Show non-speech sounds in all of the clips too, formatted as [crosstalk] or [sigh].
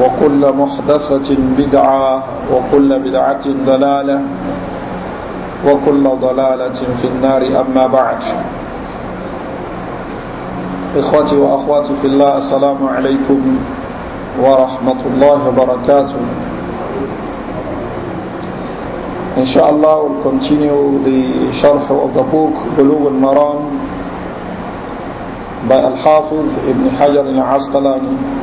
وكل محدثة بدعة وكل بدعة ضلالة وكل ضلالة في النار أما بعد إخوتي وأخواتي في الله السلام عليكم ورحمة الله وبركاته إن شاء الله we'll continue the شرح of the book بلوغ المرام by Al-Hafiz Ibn Hajar al-Asqalani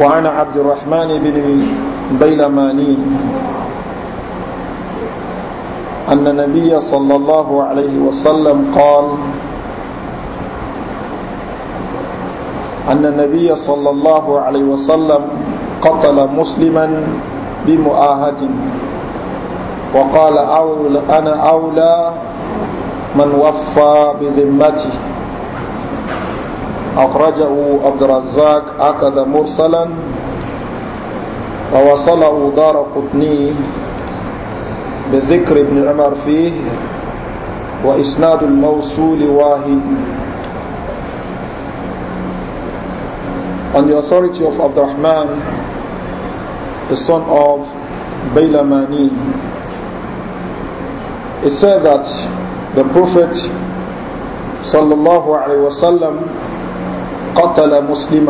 وعن عبد الرحمن بن البيلماني أن النبي صلى الله عليه وسلم قال أن النبي صلى الله عليه وسلم قتل مسلما بمؤاهة وقال أنا أولى من وفى بذمته أخرجه عبد الرزاق هكذا مرسلا ووصله دار قطني بذكر ابن عمر فيه وإسناد الموصول واهي On the authority of Abdurrahman, the son of Baylamani, it says that the Prophet sallallahu alaihi wasallam قتل Muslim,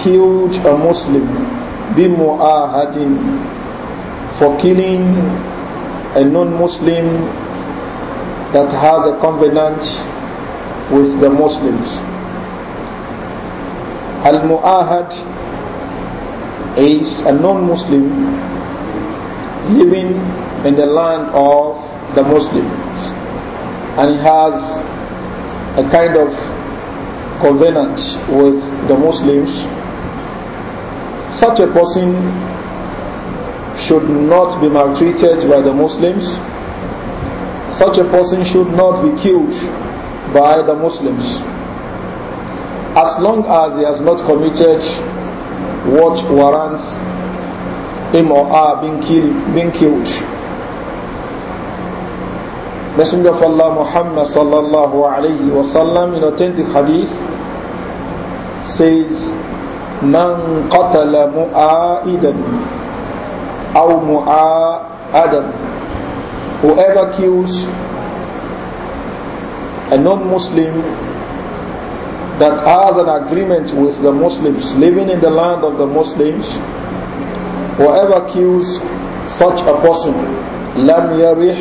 killed a Muslim بمؤاهد for killing a non-Muslim that has a covenant with the Muslims. Al-Mu'ahad is a non-Muslim living in the land of the Muslims and he has a kind of covenant with the Muslims, such a person should not be maltreated by the Muslims. Such a person should not be killed by the Muslims. As long as he has not committed what warrants him or her being, killed, being killed. Messenger of Allah Muhammad sallallahu alayhi wa sallam in authentic hadith says من قتل مؤائدا أو مؤآدا whoever kills a non-Muslim that has an agreement with the Muslims living in the land of the Muslims whoever kills such a person yarih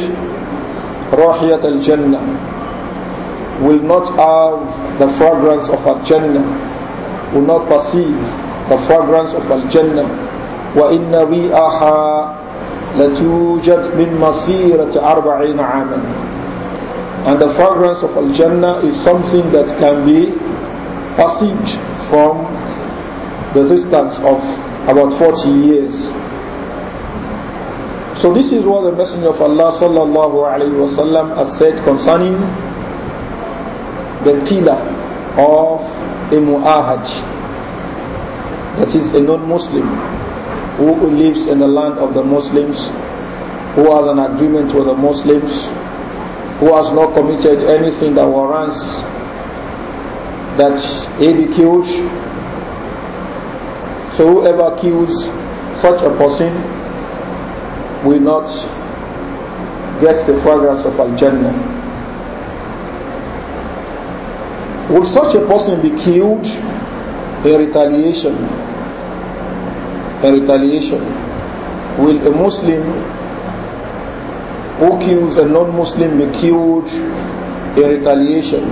يرح al-jannah, will not have the fragrance of a Jannah will not perceive the fragrance of Al-Jannah وإن ريحها لتوجد من مسيرة أربعين عاما And the fragrance of Al-Jannah is something that can be perceived from the distance of about 40 years. So this is what the Messenger of Allah sallallahu alayhi wasallam has said concerning the pillar of a mu'ahaj, that is a non-Muslim who lives in the land of the Muslims, who has an agreement with the Muslims, who has not committed anything that warrants that he be killed. So whoever kills such a person will not get the fragrance of Al-Jannah. Will such a person be killed in retaliation? In retaliation, will a Muslim who kills a non-Muslim be killed in retaliation?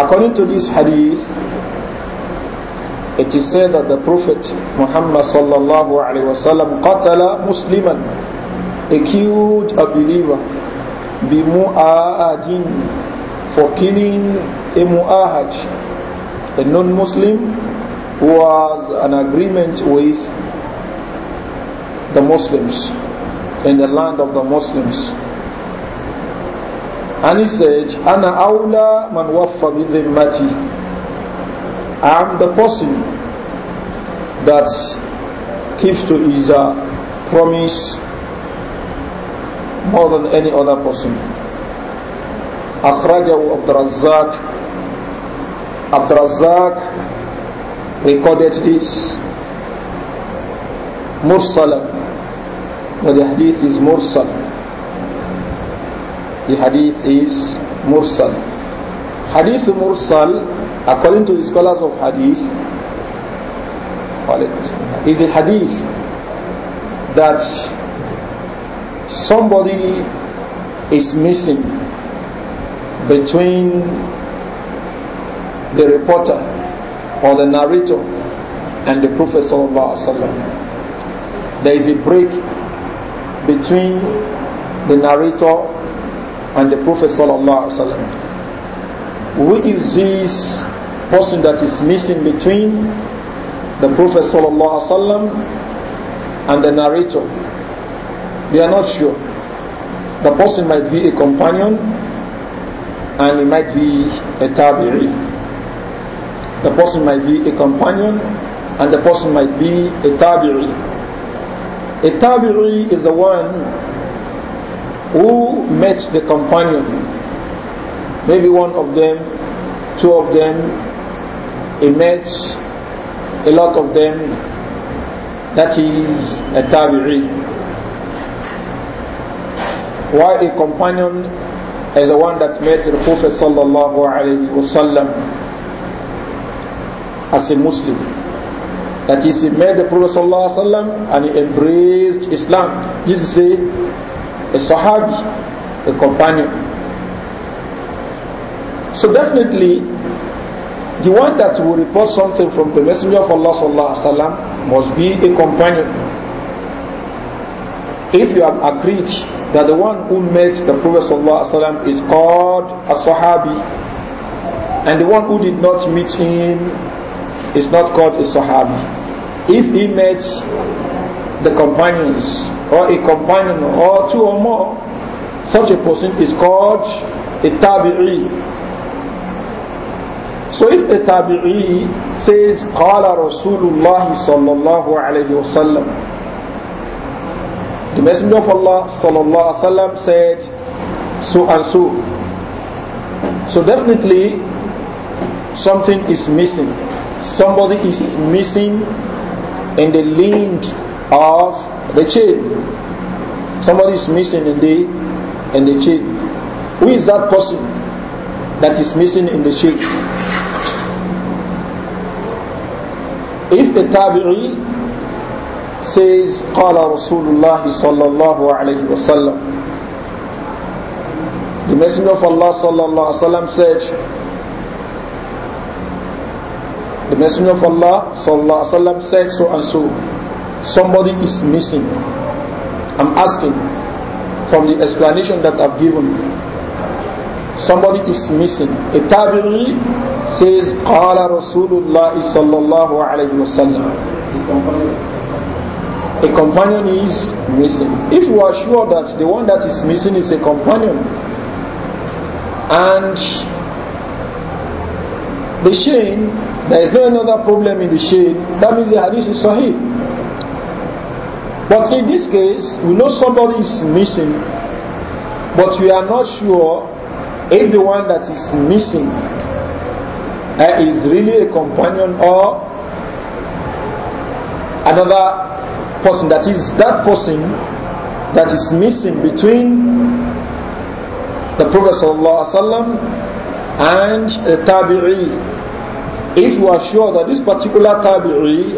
According to this hadith, it is said that the Prophet Muhammad sallallahu alaihi wasallam qatala musliman, (a killed a believer, bimu'adin, for killing a mu'ahad, a non-Muslim who has an agreement with the Muslims in the land of the Muslims. And he said, Ana awla man waffa bidhimmati. I am the person that keeps to his uh, promise more than any other person. أخرجه عبد الرزاق Abd recorded this Mursala but the hadith is Mursal the hadith is Mursal Hadith Mursal according to the scholars of hadith is a hadith that somebody is missing between the reporter or the narrator and the Prophet there is a break between the narrator and the Prophet who is this person that is missing between the Prophet and the narrator we are not sure the person might be a companion and he might be a tabi'i the person might be a companion and the person might be a tabi'i. A tabi'i is the one who met the companion. Maybe one of them, two of them, he met a lot of them. That is a tabi'i. Why a companion is the one that met the Prophet sallallahu alaihi wasallam as a Muslim. That is, he met the Prophet ﷺ and he embraced Islam. This is a, a Sahabi, a companion. So definitely, the one that will report something from the Messenger of Allah ﷺ must be a companion. If you have agreed that the one who met the Prophet ﷺ is called a Sahabi, and the one who did not meet him is not called a Sahabi. If he met the companions or a companion or two or more, such a person is called a Tabi'i. So if a Tabi'i says, قال Rasulullah sallallahu alayhi wasallam," The Messenger of Allah sallallahu alayhi wasallam said, so and so. So definitely something is missing somebody is missing in the link of the chain. Somebody is missing in the in the chain. Who is that person that is missing in the chain? If the Tabiri says قال Rasulullah sallallahu صلى wasallam," the messenger of Allah sallallahu الله wasallam وسلم said the Messenger of Allah sallallahu alaihi wasallam said so and so. Somebody is missing. I'm asking from the explanation that I've given. Somebody is missing. A tabi'i says, Qala Rasulullah sallallahu alayhi wasallam. A companion is missing. If you are sure that the one that is missing is a companion, and the shame There is no another problem in the shade. That means the hadith is sahih. But in this case, we know somebody is missing, but we are not sure if the one that is missing uh, is really a companion or another person. That is that person that is missing between the Prophet ﷺ and the Tabi'i If you are sure that this particular tabi'i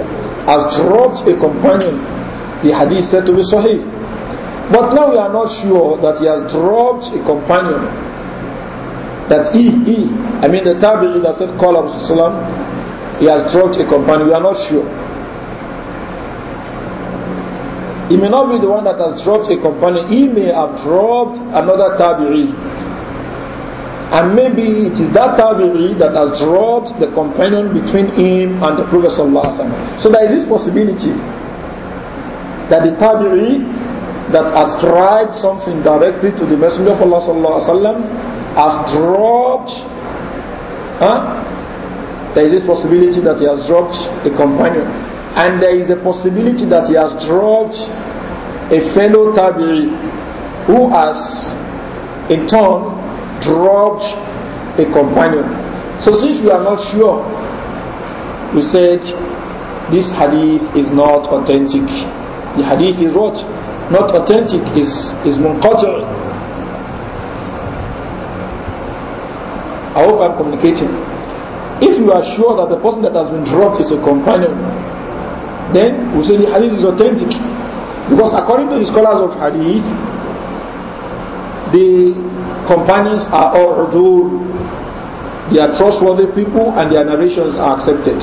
has dropped a companion, the hadith said to be sahih. But now we are not sure that he has dropped a companion. That he, he, I mean the tabi'i that said call Abu Salam, he has dropped a companion. We are not sure. He may not be the one that has dropped a companion. He may have dropped another tabi'i. And maybe it is that tabi'i that has dropped the companion between him and the Prophet ﷺ. So there is this possibility that the tabi'i that ascribed something directly to the Messenger of Allah has dropped huh? there is this possibility that he has dropped a companion and there is a possibility that he has dropped a fellow tabi'i who has in turn dropped a companion. So since we are not sure, we said this hadith is not authentic. The hadith is what? Not authentic is is munqati'. I hope I'm communicating. If you are sure that the person that has been dropped is a companion, then we say the hadith is authentic. Because according to the scholars of hadith, the companions are all udul. They are trustworthy people and their narrations are accepted.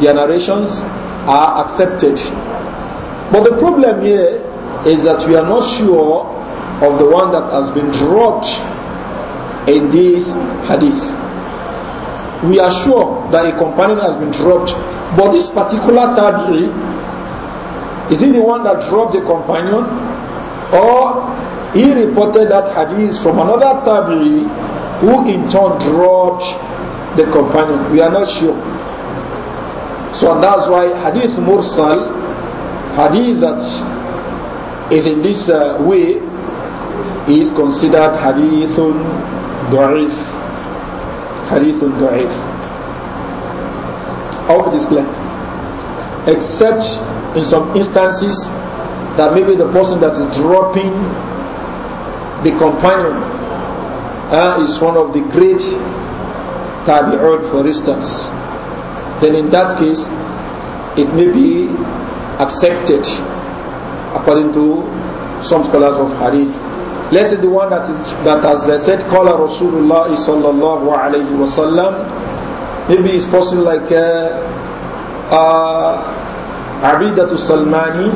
Their narrations are accepted. But the problem here is that we are not sure of the one that has been dropped in this hadith. We are sure that a companion has been dropped, but this particular tabi, is it the one that dropped the companion, or he reported that hadith from another Tabi'i who in turn dropped the companion. We are not sure. So that's why hadith mursal, hadith that is in this uh, way, is considered hadithun da'if. Hadithun da'if. How this display. Except in some instances that maybe the person that is dropping the companion uh, is one of the great tabi'un for instance then in that case it may be accepted according to some scholars of hadith let's say the one that is that has said qala rasulullah sallallahu alayhi wasallam maybe it's person like uh, uh, abidatu salmani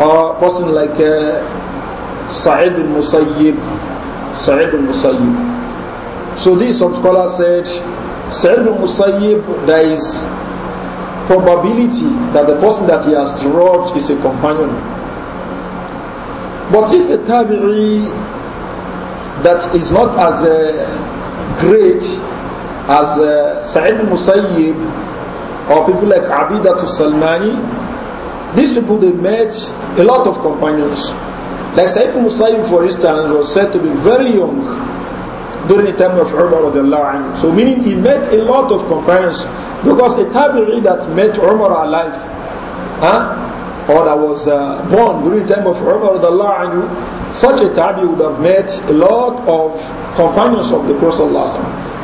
or person like uh, Sa'id bin Musayyib. Sa'id Musayyib. So these some scholars said, Sa'id bin Musayyib, there is probability that the person that he has dropped is a companion. But if a tabi'i that is not as uh, great as uh, Sa'id Musayyib or people like Abidat Salmani, these people they met a lot of companions. Like Sayyid Musayyib for instance was said to be very young during the time of Umar anhu. So meaning he met a lot of companions because a tabi'i that met Umar alive huh? or that was uh, born during the time of Umar anhu, such a tabi would have met a lot of companions of the Prophet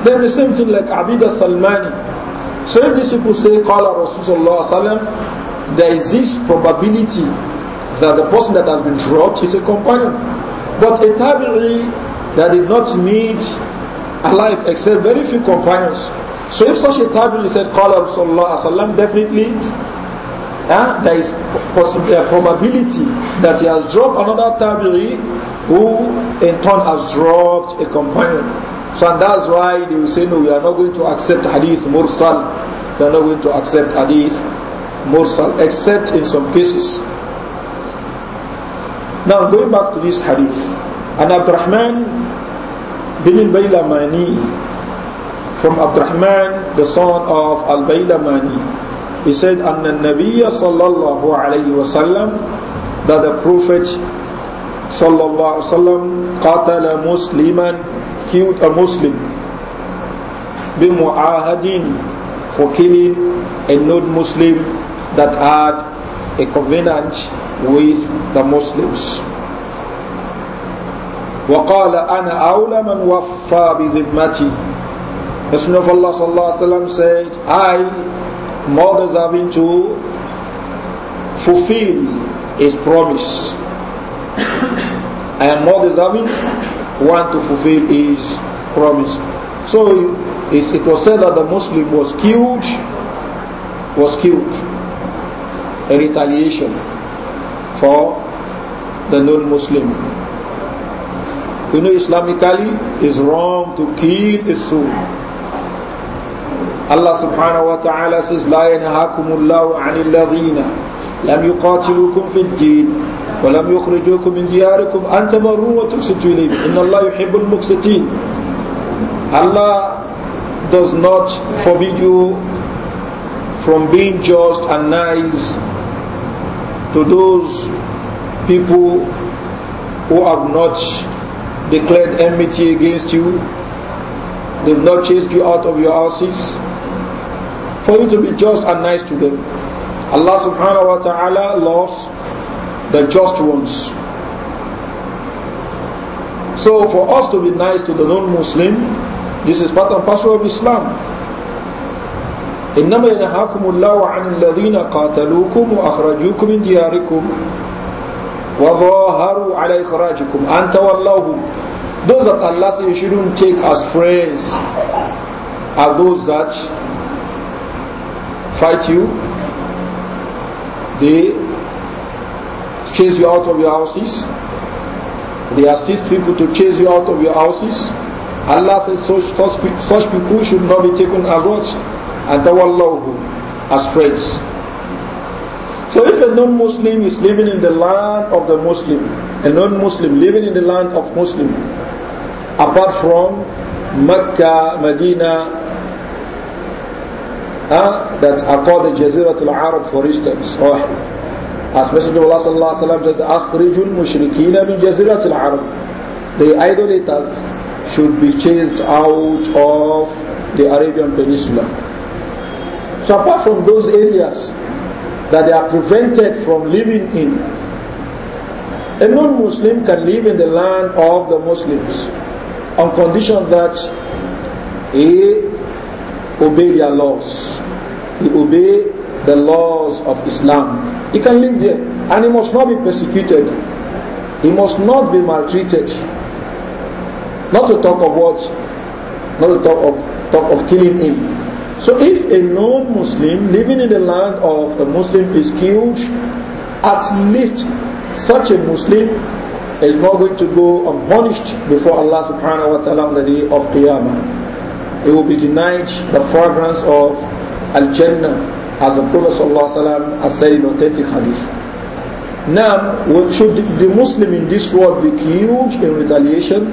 Then the same thing like Abida Salmani. So if these people say Qala Rasulullah there is this probability that the person that has been dropped is a companion. But a tabi'i that did not meet alive except very few companions. So if such a tabi'i said, Qala Rasulullah sallam, definitely eh, there is a eh, probability that he has dropped another tabi'i who in turn has dropped a companion. So and that's why they will say, no, we are not going to accept hadith mursal. We are not going to accept hadith mursal, except in some cases. Now going back to this hadith, and Abdurrahman bin al-Baylamani from Abdurrahman the son of al-Baylamani he said أن النبي صلى الله عليه وسلم that the prophet صلى الله عليه وسلم قتل مسلما killed a Muslim بمعاهد for killing a non-Muslim that had a covenant with the Muslims. وقال أنا أولى من وفى بذمتي Messenger of Allah sallallahu alaihi wasallam said, I more deserving to fulfill his promise. I am more deserving one to fulfill his promise. So it was said that the Muslim was killed, was killed a retaliation for the non-Muslim. You know Islamically it's wrong to kill the soul. Allah subhanahu wa ta'ala says, لا ينهاكم الله عن الذين لم يقاتلوكم في الدين ولم يخرجوكم من دياركم أن تبروا وتقسطوا إليهم إن الله يحب المقسطين Allah does not forbid you from being just and nice to those people who have not declared enmity against you, they've not chased you out of your houses, for you to be just and nice to them. Allah subhanahu wa ta'ala loves the just ones. So for us to be nice to the non-Muslim, this is part and parcel of Islam. إنما ينهاكم الله عن الذين قاتلوكم وأخرجوكم من دياركم وظاهروا على إخراجكم أن تولوهم Those that Allah says you shouldn't take as friends are those that fight you, they chase you out of your houses, they assist people to chase you out of your houses. Allah says such, such, such people should not be taken as what? and tawallahu friends. So if a non-Muslim is living in the land of the Muslim, a non-Muslim living in the land of Muslim, apart from Mecca, Medina, uh, that are called the Jazirat al-Arab for instance, or oh, as Messenger of Allah sallallahu said, أَخْرِجُ الْمُشْرِكِينَ مِنْ جَزِيرَةِ الْعَرَبِ The idolaters should be chased out of the Arabian Peninsula. So apart from those areas that they are prevented from living in, a non-Muslim can live in the land of the Muslims on condition that he obey their laws. He obey the laws of Islam. He can live there and he must not be persecuted. He must not be maltreated. Not to talk of what? Not to talk of talk of killing him. So if a non-Muslim living in the land of a Muslim is killed, at least such a Muslim is not going to go unpunished before Allah subhanahu wa ta'ala on the day of Qiyamah. He will be denied the fragrance of Al-Jannah as the Prophet sallallahu has said in authentic hadith. Now, should the Muslim in this world be killed in retaliation?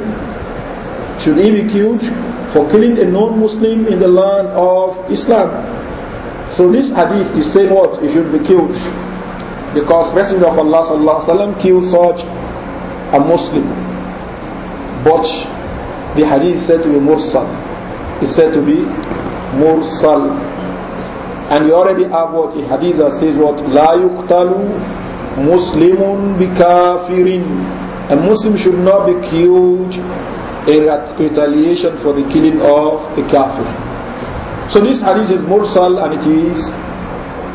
Should he be killed? for killing a non-Muslim in the land of Islam. So this hadith is saying what? He should be killed. Because Messenger of Allah sallallahu alaihi wasallam killed such a Muslim. But the hadith is said to be mursal. It's said to be mursal. And we already have what a hadith that says what? La yuqtalu muslimun bi kafirin. A Muslim should not be killed a retaliation for the killing of the kafir. So this hadith is mursal and it is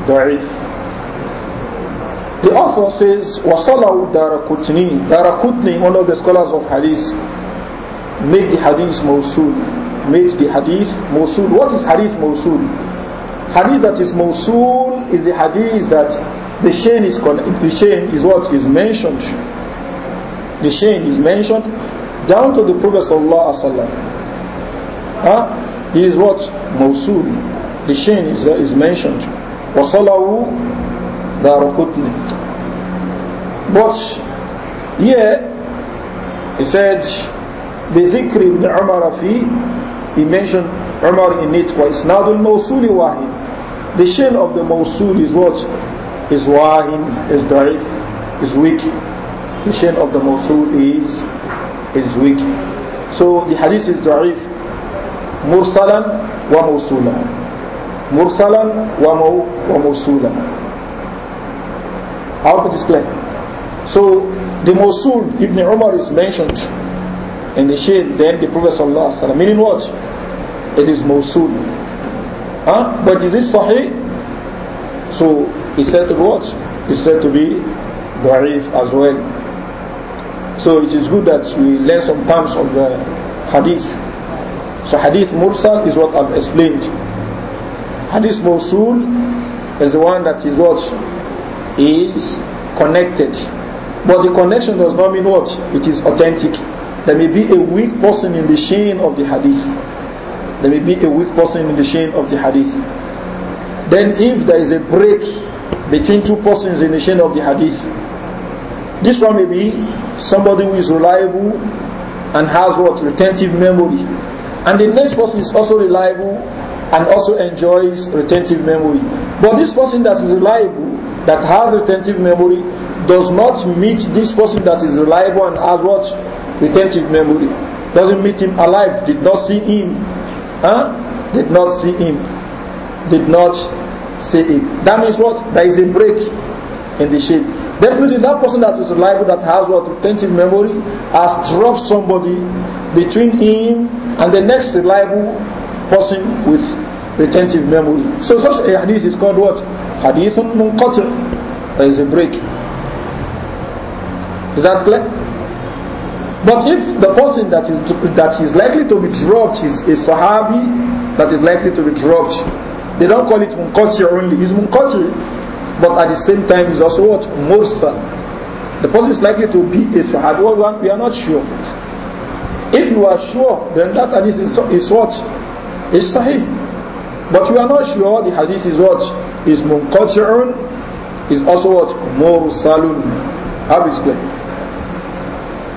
da'if. The author says, وَصَلَهُ دَارَكُتْنِي Darakutni, one of the scholars of hadith, made the hadith mursul. Made the hadith mursul. What is hadith mursul? Hadith that is mursul is a hadith that the chain is the chain is what is mentioned. The chain is mentioned down to the Prophet sallallahu alaihi wasallam. Huh? He is what Mawsul. The Shin is, uh, is mentioned. Wasalawu darukutni. But here he said بذكر ابن عمر في he mentioned Umar in it وإسناد الموصول واحد the chain of the Mosul is what is wahin is da'if is weak the chain of the Mosul is is weak. So the hadith is da'if. Mursalan wa mawsula. Mursalan wa, wa mawsula. I hope it is clear. So the Mursul Ibn Umar is mentioned in the shade, then the Prophet Sallallahu meaning what? It is Mursul. Huh? But is this Sahih? So he said to be what? He said to be Da'if as well. So it is good that we learn some terms of the hadith. So hadith mursal is what I've explained. Hadith mawsul is the one that is what is connected. But the connection does not mean what? It is authentic. There may be a weak person in the chain of the hadith. There may be a weak person in the chain of the hadith. Then if there is a break between two persons in the chain of the hadith, this one may be somebody who is reliable and has what retentive memory and the next person is also reliable and also enjoys retentive memory but this person that is reliable that has retentive memory does not meet this person that is reliable and has what retentive memory doesn't meet him alive did not see him huh? did not see him did not see him that means what there is a break in the shape Definitely that person that is reliable, that has what retentive memory, has dropped somebody between him and the next reliable person with retentive memory. So such a hadith is called what? Hadithun munqatir. There is a break. Is that clear? But if the person that is that is likely to be dropped is a Sahabi that is likely to be dropped, they don't call it munqatir only. It's munqati. but at the same time is also what? Mursa. The person is likely to be a Sahabi. one. we are not sure. If you are sure, then that hadith is, is what? Is Sahih. But we are not sure the hadith is what? Is Munqati'un, is also what? Mursalun. How is clear?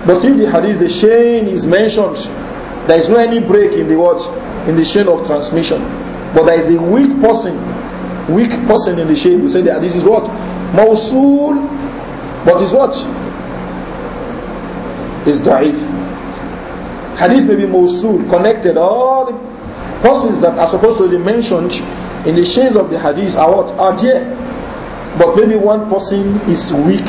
But if the hadith, the chain is mentioned, there is no any break in the what? In the chain of transmission. But there is a weak person weak person in the shape. We say that this is what? Mawsul, but is what? Is da'if. Hadith may be mawsul, connected. All the persons that are supposed to be mentioned in the shades of the hadith are what? Are there. But maybe one person is weak.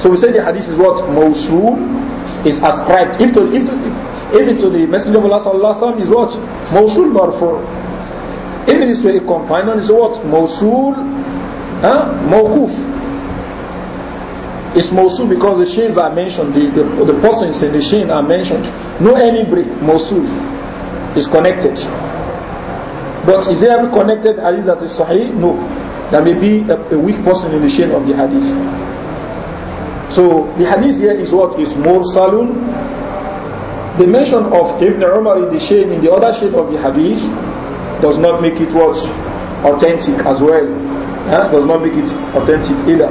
So we say the hadith is what? Mawsul is ascribed. If to, if to, if, if it to the Messenger of Allah sallallahu alaihi wasallam is what? Mawsul marfu' Even this way, a companion it's what? Mosul, huh? Mawkuf. It's Mosul because the chains are mentioned, the, the, the persons in the chain are mentioned. No any break, Mosul is connected. But is there every connected hadith that is sahih? No. There may be a, a weak person in the chain of the hadith. So the hadith here is what is mursalun. The mention of Ibn Umar in the chain, in the other chain of the hadith does not make it what authentic as well. Eh? Does not make it authentic either.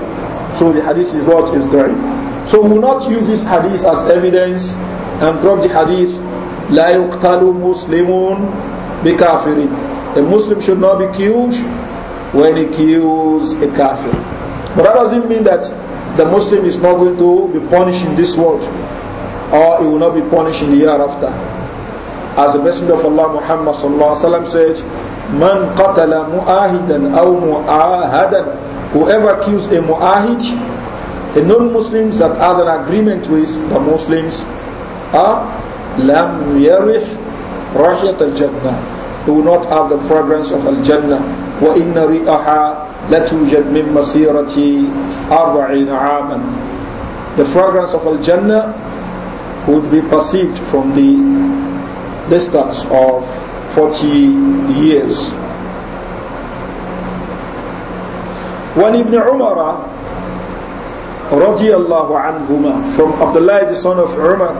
So the hadith is what is derived. So we will not use this hadith as evidence and drop the hadith لا يقتل مسلمون بكافرين. A Muslim should not be killed when he kills a kafir. But that doesn't mean that the Muslim is not going to be punished in this world or he will not be punished in the year after. As the Messenger of Allah Muhammad sallallahu alaihi wasallam said, "Man qatala mu'ahidan aw mu'ahadan." Whoever kills a mu'ahid, a non-Muslim that has an agreement with the Muslims, ah, lam yarih rahiyat al-jannah. He will not have the fragrance of al-jannah. Wa inna ri'aha لتوجد من مسيرة أربعين عاما The fragrance of Al-Jannah would be perceived from the distance of 40 years. When Ibn Umar radiallahu anhuma from Abdullah the son of Umar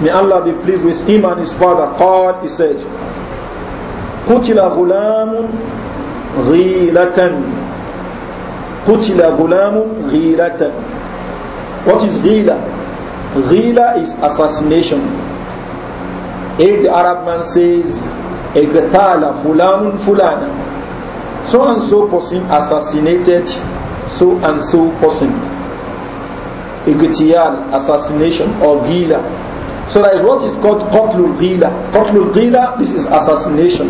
may Allah be pleased with him and his father قال he said قتل غلام غيلة قتل غلام غيلة what is غيلة غيلة is assassination If the Arab man says, Egatala fulanun fulana, so and so person assassinated so and so person. Egatiyal, assassination, or gila. So that is what is called Qatlul Gila. Qatlul Gila, this is assassination.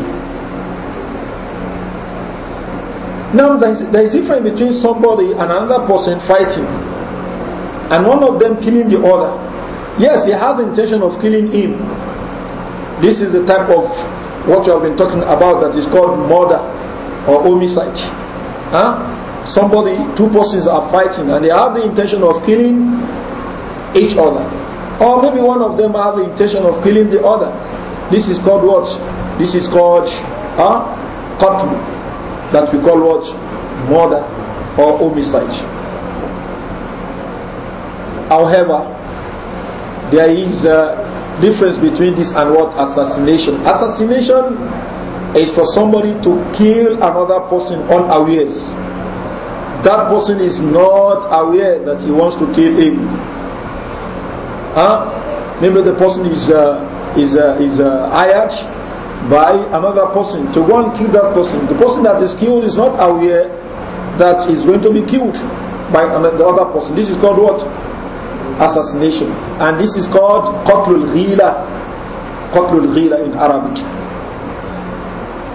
Now, there is, there is difference between somebody and another person fighting, and one of them killing the other. Yes, he has intention of killing him, This is the type of what you have been talking about that is called murder or homicide. Huh? Somebody, two persons are fighting and they have the intention of killing each other. Or maybe one of them has the intention of killing the other. This is called what? This is called huh? Qatl. That we call what? Murder or homicide. However, there is uh, difference between this and what assassination. Assassination is for somebody to kill another person unawares. That person is not aware that he wants to kill him. Huh? Maybe the person is uh, is uh, is uh, hired by another person to go and kill that person. The person that is killed is not aware that he's going to be killed by another person. This is called what? assassination. And this is called Qatlul Ghila. Qatlul Ghila in Arabic.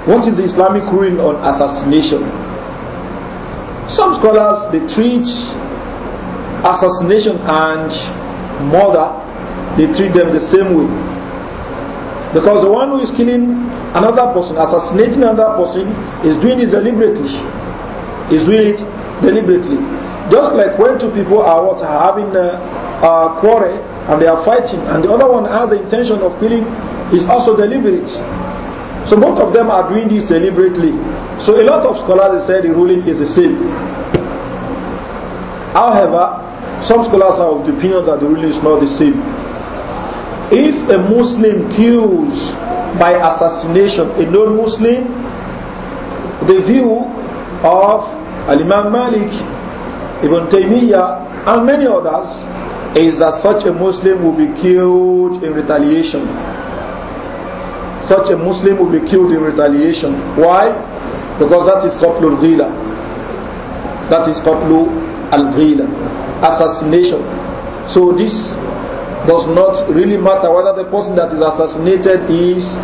What is the Islamic ruling on assassination? Some scholars they treat assassination and murder, they treat them the same way. Because the one who is killing another person, assassinating another person, is doing it deliberately. Is doing it deliberately. Just like when two people are what are having a, uh, a quarrel and they are fighting, and the other one has the intention of killing, is also deliberate. So both of them are doing this deliberately. So a lot of scholars say the ruling is the same. However, some scholars are of the opinion that the ruling is not the same. If a Muslim kills by assassination a non-Muslim, the view of Al-Imam Malik Ibn Taymiyyah and many others is that such a Muslim will be killed in retaliation. Such a Muslim will be killed in retaliation. Why? Because that is Qatlu al-Ghila. is Qatlu al Assassination. So this does not really matter whether the person that is assassinated is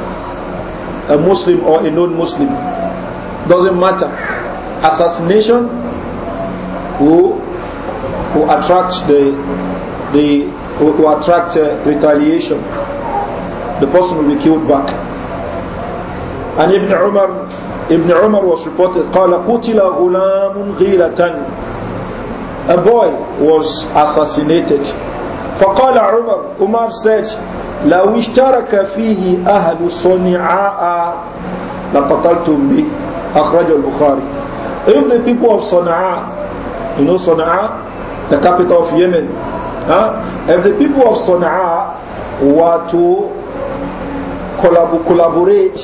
a Muslim or a non-Muslim. Doesn't matter. Assassination who who attracts the the who, who attract uh, retaliation. The person will be killed back. And Ibn Umar Ibn Umar was reported قال قتل غلام غيلة a boy was assassinated فقال عمر Umar said لو اشترك فيه أهل صنعاء لقتلتم به أخرج البخاري If the people of Sana'a You know Sana'a, the capital of Yemen. Huh? If the people of Sana'a were to collab collaborate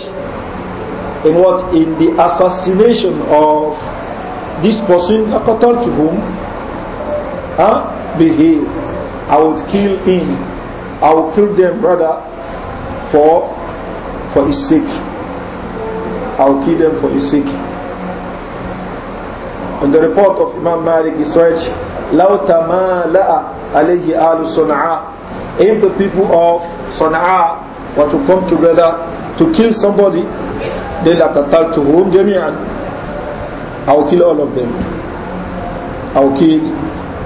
in what? In the assassination of this person, Akatal to whom huh? behave. I would kill him. I would kill them brother for for his sake. I will kill them for his sake. In the report of Imam Malik is read, لَوْ تَمَالَأَ عَلَيْهِ آلُ صَنْعَى If the people of Sana'a were to come together to kill somebody, they لَتَتَلْتُهُمْ جَمِيعًا I will kill all of them. I will kill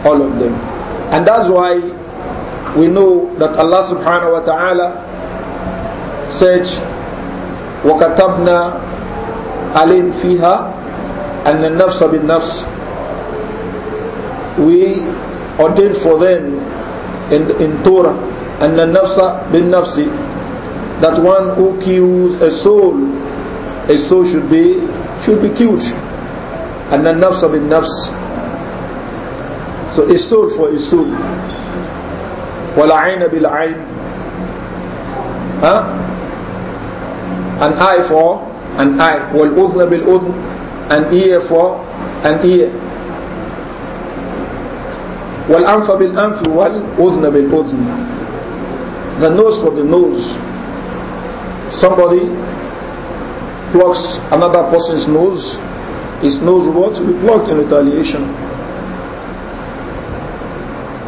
all of them. And that's why we know that Allah subhanahu wa ta'ala said, وَكَتَبْنَا عَلَيْهِمْ فِيهَا and the nafs bin nafs. We ordained for them in, in Torah and the nafs bin nafsi that one who kills a soul, a soul should be should be killed. And the nafs bin nafs. So a soul for a soul. Wala'ina bil ayn. Huh? An eye for an eye. Wal udhna bil udhn. an ear for an ear والأنف بالأنف والأذن بالأذن the nose for the nose somebody plucks another person's nose his nose what to be plucked in retaliation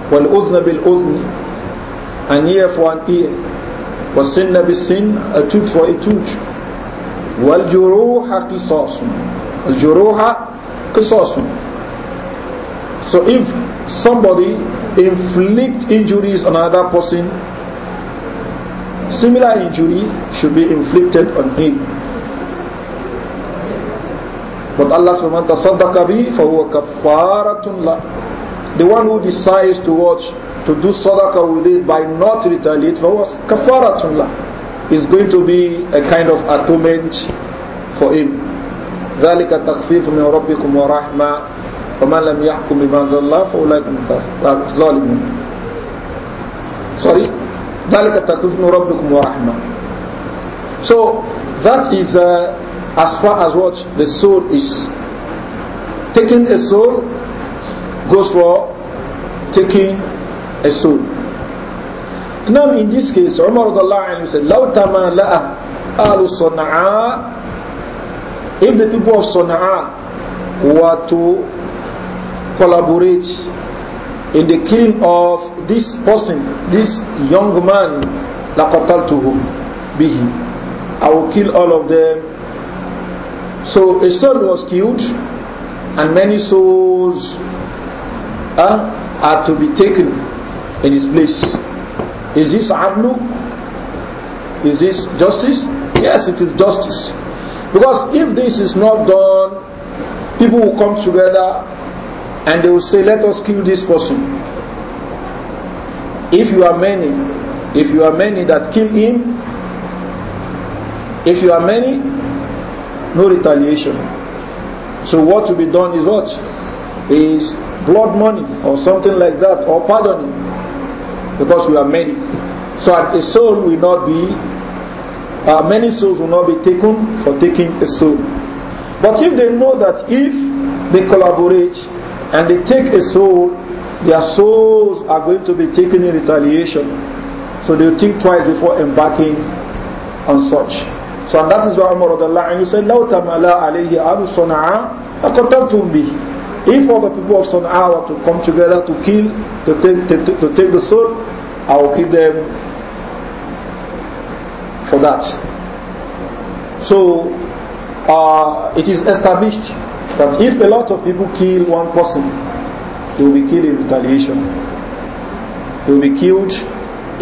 والأذن بالأذن an ear for an ear والسن بالسن a tooth for a tooth والجروح قصاص juruha qisasun. So if somebody inflict injuries on another person, similar injury should be inflicted on him. But Allah subhanahu wa ta'ala bi fahuwa kafaratun la. The one who decides to watch, to do sadaqa with it by not retaliate, fahuwa kafaratun la. Is going to be a kind of atonement for him. ذلك تخفيف من ربكم ورحمة ومن لم يحكم بما أنزل الله فأولئك الظالمون sorry ذلك تخفيف من ربكم ورحمة so that is uh, as far as what the soul is taking a soul goes for taking a soul now in this case Umar said لو تمالأ أهل صنعاء If the people of Sana'a were to collaborate in the killing of this person, this young man, لَقَتَلْتُهُمْ بِهِ I will kill all of them. So a soul was killed and many souls uh, are to be taken in his place. Is this adlu? Is this justice? Yes, it is justice. Because if this is not done, people will come together and they will say, let us kill this person. If you are many, if you are many that kill him, if you are many, no retaliation. So what will be done is what? Is blood money or something like that or pardoning because you are many. So a soul will not be uh, many souls will not be taken for taking a soul. But if they know that if they collaborate and they take a soul, their souls are going to be taken in retaliation. So they think twice before embarking on such. So and that is why Umar and you said, لَوْ تَمَلَا عَلَيْهِ أَهْلُ صَنْعَا لَقَتَلْتُمْ بِهِ if all the people of Sana'a were to come together to kill, to take, to, to, to take the soul, I will kill them for that. So uh, it is established that if a lot of people kill one person, they will be killed in retaliation. They will be killed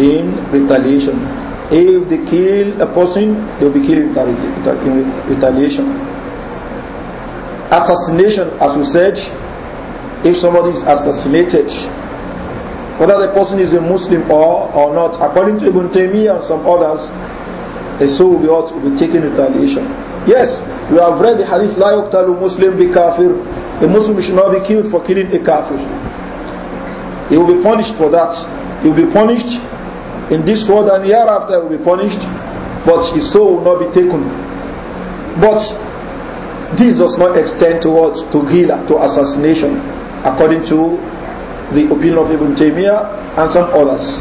in retaliation. If they kill a person, they will be killed in retaliation. Assassination, as we said, if somebody is assassinated, whether the person is a Muslim or, or not, according to Ibn Taymiyyah and some others, a soul will be, ought, will be taking retaliation. Yes, we have read the hadith, لا يقتل Muslim bi kafir. A Muslim should not be killed for killing a kafir. He will be punished for that. He will be punished in this world and hereafter he will be punished, but his soul will not be taken. But this does not extend towards to gila, to assassination, according to the opinion of Ibn Taymiyyah and some others.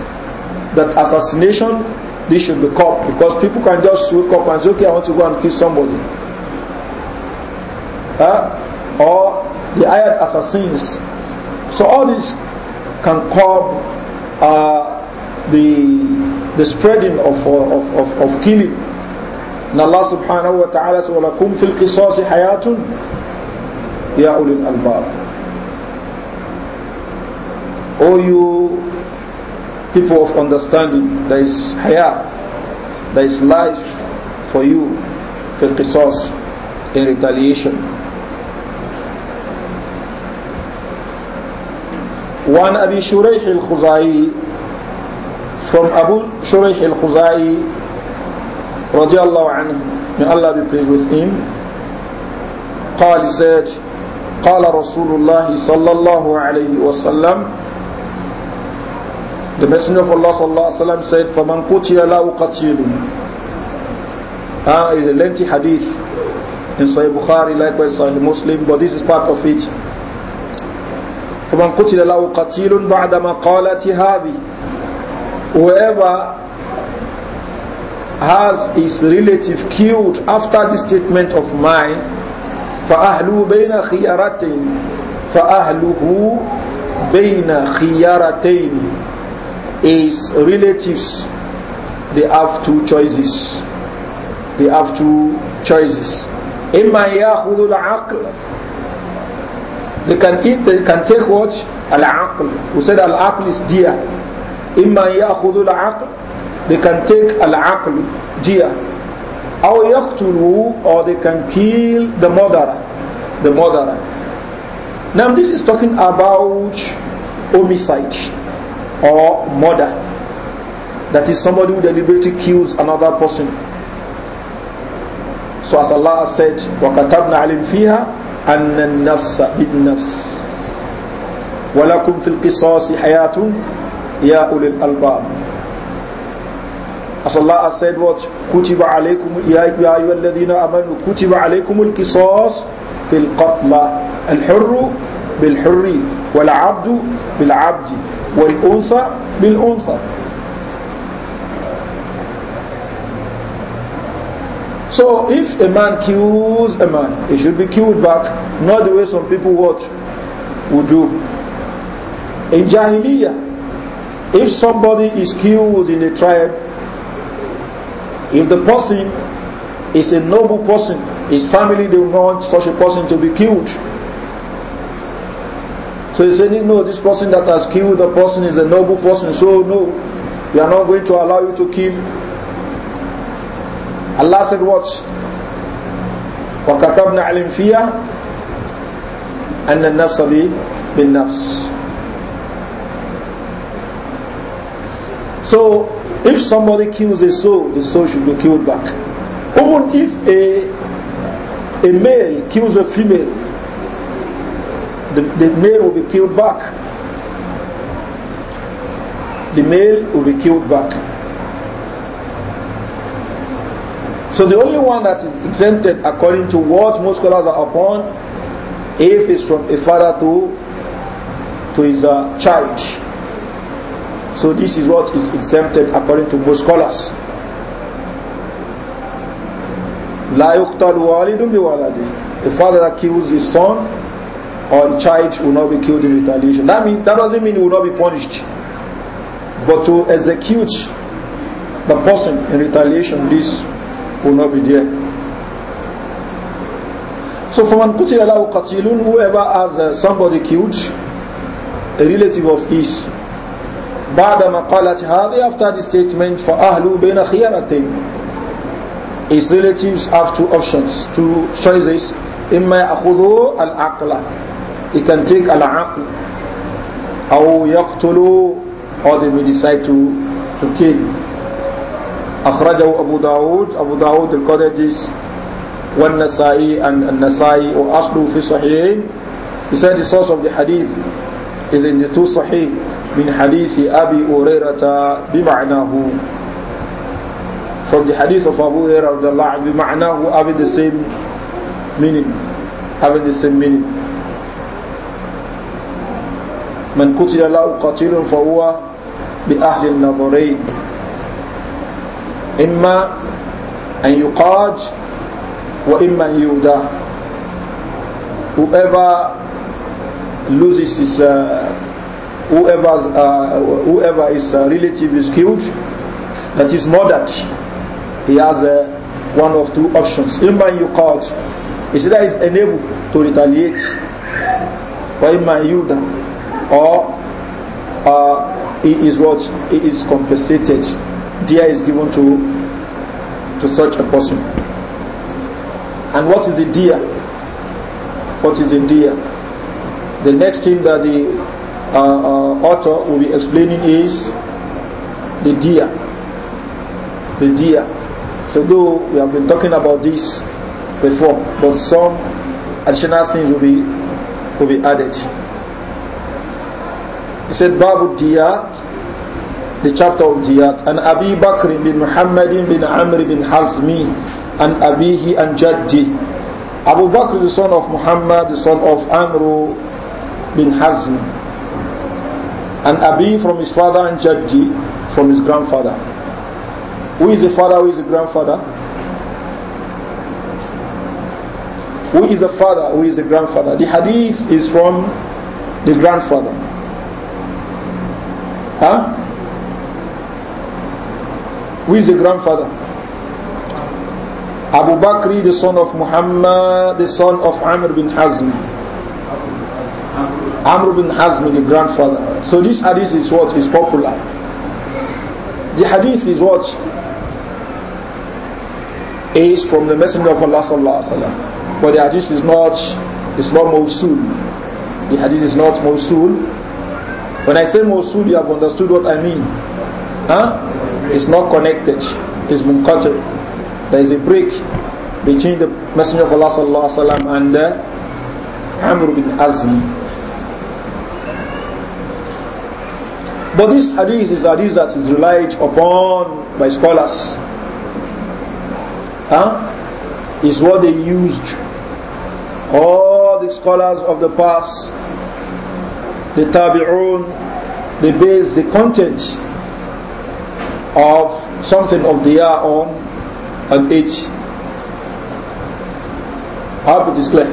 That assassination this should be curbed because people can just wake up and say, okay, I want to go and kill somebody. Huh? Or the hired assassins. So all this can curb uh, the, the spreading of, of, of, of killing. And Allah subhanahu wa ta'ala says, وَلَكُمْ فِي الْقِصَاصِ حَيَاةٌ يَا أُولِي الْأَلْبَابِ O you people of understanding. There is haya, there is life for you, for qisas, in retaliation. One Abu أبي al Khuzai, from Abu Shuraih al-Khuzai radiallahu anhu may Allah be pleased with him قال said قال رسول الله صلى الله عليه وسلم The Messenger of Allah وسلم, said, فَمَنْ قُتِيَ لَا قَتِيلٌ Ah, is a lengthy hadith in Sahih Bukhari, likewise Sahih Muslim, but this is part of it. فَمَنْ قُتِيَ لَا قَتِيلٌ بَعْدَ مَقَالَةِ هَذِي Whoever has his relative killed after this statement of mine, فَأَهْلُهُ بَيْنَ خِيَرَتَيْنِ فَأَهْلُهُ بَيْنَ خِيَرَتَيْنِ Is relatives, they have two choices. They have two choices. إما يأخذ العقل They can eat, they can take what? العقل. We said العقل is dear. إما يأخذ العقل They can take العقل, dear. أو يقتلوا or they can kill the mother. The mother. Now this is talking about homicide or murder. That is somebody who deliberately kills another person. So as Allah said, وَكَتَبْنَا عَلِمْ فِيهَا أَنَّ النَّفْسَ بِالنَّفْسِ وَلَكُمْ فِي الْقِصَاصِ حَيَاتٌ يَا أُولِي الْأَلْبَابِ As Allah has said what? كُتِبَ عَلَيْكُمُ يَا أَيُّهَا الَّذِينَ آمَنُوا كُتِبَ عَلَيْكُمُ الْقِصَاصِ فِي الْقَتْلَى الْحُرُّ بِالْحُرِّ وَالْعَبْدُ بِالْعَبْدِ والأنثى بالأنثى So if a man kills a man, he should be killed back, not the way some people watch would do. In Jahiliyyah, if somebody is killed in a tribe, if the person is a noble person, his family they want such a person to be killed. So you saying, no, this person that has killed the person is a noble person, so no, we are not going to allow you to kill. Allah said what? وَكَتَبْنَا عَلِمْ فِيهَا أَنَّ النَّفْسَ بِالنَّفْسِ So, if somebody kills a soul, the soul should be killed back. Even if a, a male kills a female, the, the male will be killed back. The male will be killed back. So the only one that is exempted according to what most scholars are upon, if it's from a father to to his uh, child. So this is what is exempted according to most scholars. لا يقتل والد بولده a father that kills his son or a child will not be killed in retaliation. That, means that doesn't mean he will not be punished. But to execute the person in retaliation, this will not be there. So فَمَنْ قُتِلَ al-Qatilun, Whoever has uh, somebody killed, a relative of his, بعد مقالة هذه after the statement فأهلوا بين خيانتين His relatives have two options, two choices إما يأخذوا العقل He can take al-aql. أو يقتل or they may decide to, to kill. akhrajahu abu daud abu daud al recorded wa nasai and an nasai wa aslu fi صحيحين He said the source of the hadith is in the two sahih من حديث أبي هريرة بمعناه from the hadith of Abu Hurairah بمعناه having the same meaning having the same meaning من قتل له قتيل فهو بأهل النظرين إما أن يقاج وإما أن يودع whoever loses his uh, whoever's, uh, whoever is uh, relative is killed that is murdered he has a uh, one of two options إما أن يقاج is that is enabled to retaliate وإما أن يودى or uh, is what it is compensated. Dia is given to to such a person. And what is a dia? What is a dia? The next thing that the uh, uh, author will be explaining is the dia. The dia. So though we have been talking about this before, but some additional things will be will be added. He said, Babu Diyat, the chapter of Diyat. And Abi Bakr bin Muhammad bin Amr bin Hazmi, and Abihi and Jaddi. Abu Bakr, the son of Muhammad, the son of Amr bin Hazmi, And Abi from his father and Jaddi from his grandfather. Who is the father? Who is the grandfather? Who is the father? Who is the grandfather? The hadith is from the grandfather. Huh? Who is the grandfather? Abu Bakr, the son of Muhammad, the son of Amr bin Hazm. Amr bin Hazm, the grandfather. So this hadith is what is popular. The hadith is what is from the Messenger of Allah sallallahu alaihi wasallam. But the hadith is not, it's not Mosul. The hadith is not Mosul. When I say Mosul, you have understood what I mean. Huh? It's not connected. It's munqatir. There is a break between the Messenger of Allah sallallahu alaihi wasallam and uh, Amr bin Azm. But this hadith is hadith that is relied upon by scholars. Huh? Is what they used. All the scholars of the past the tabi'un, they base the content of something of the year on an age. I hope it is clear.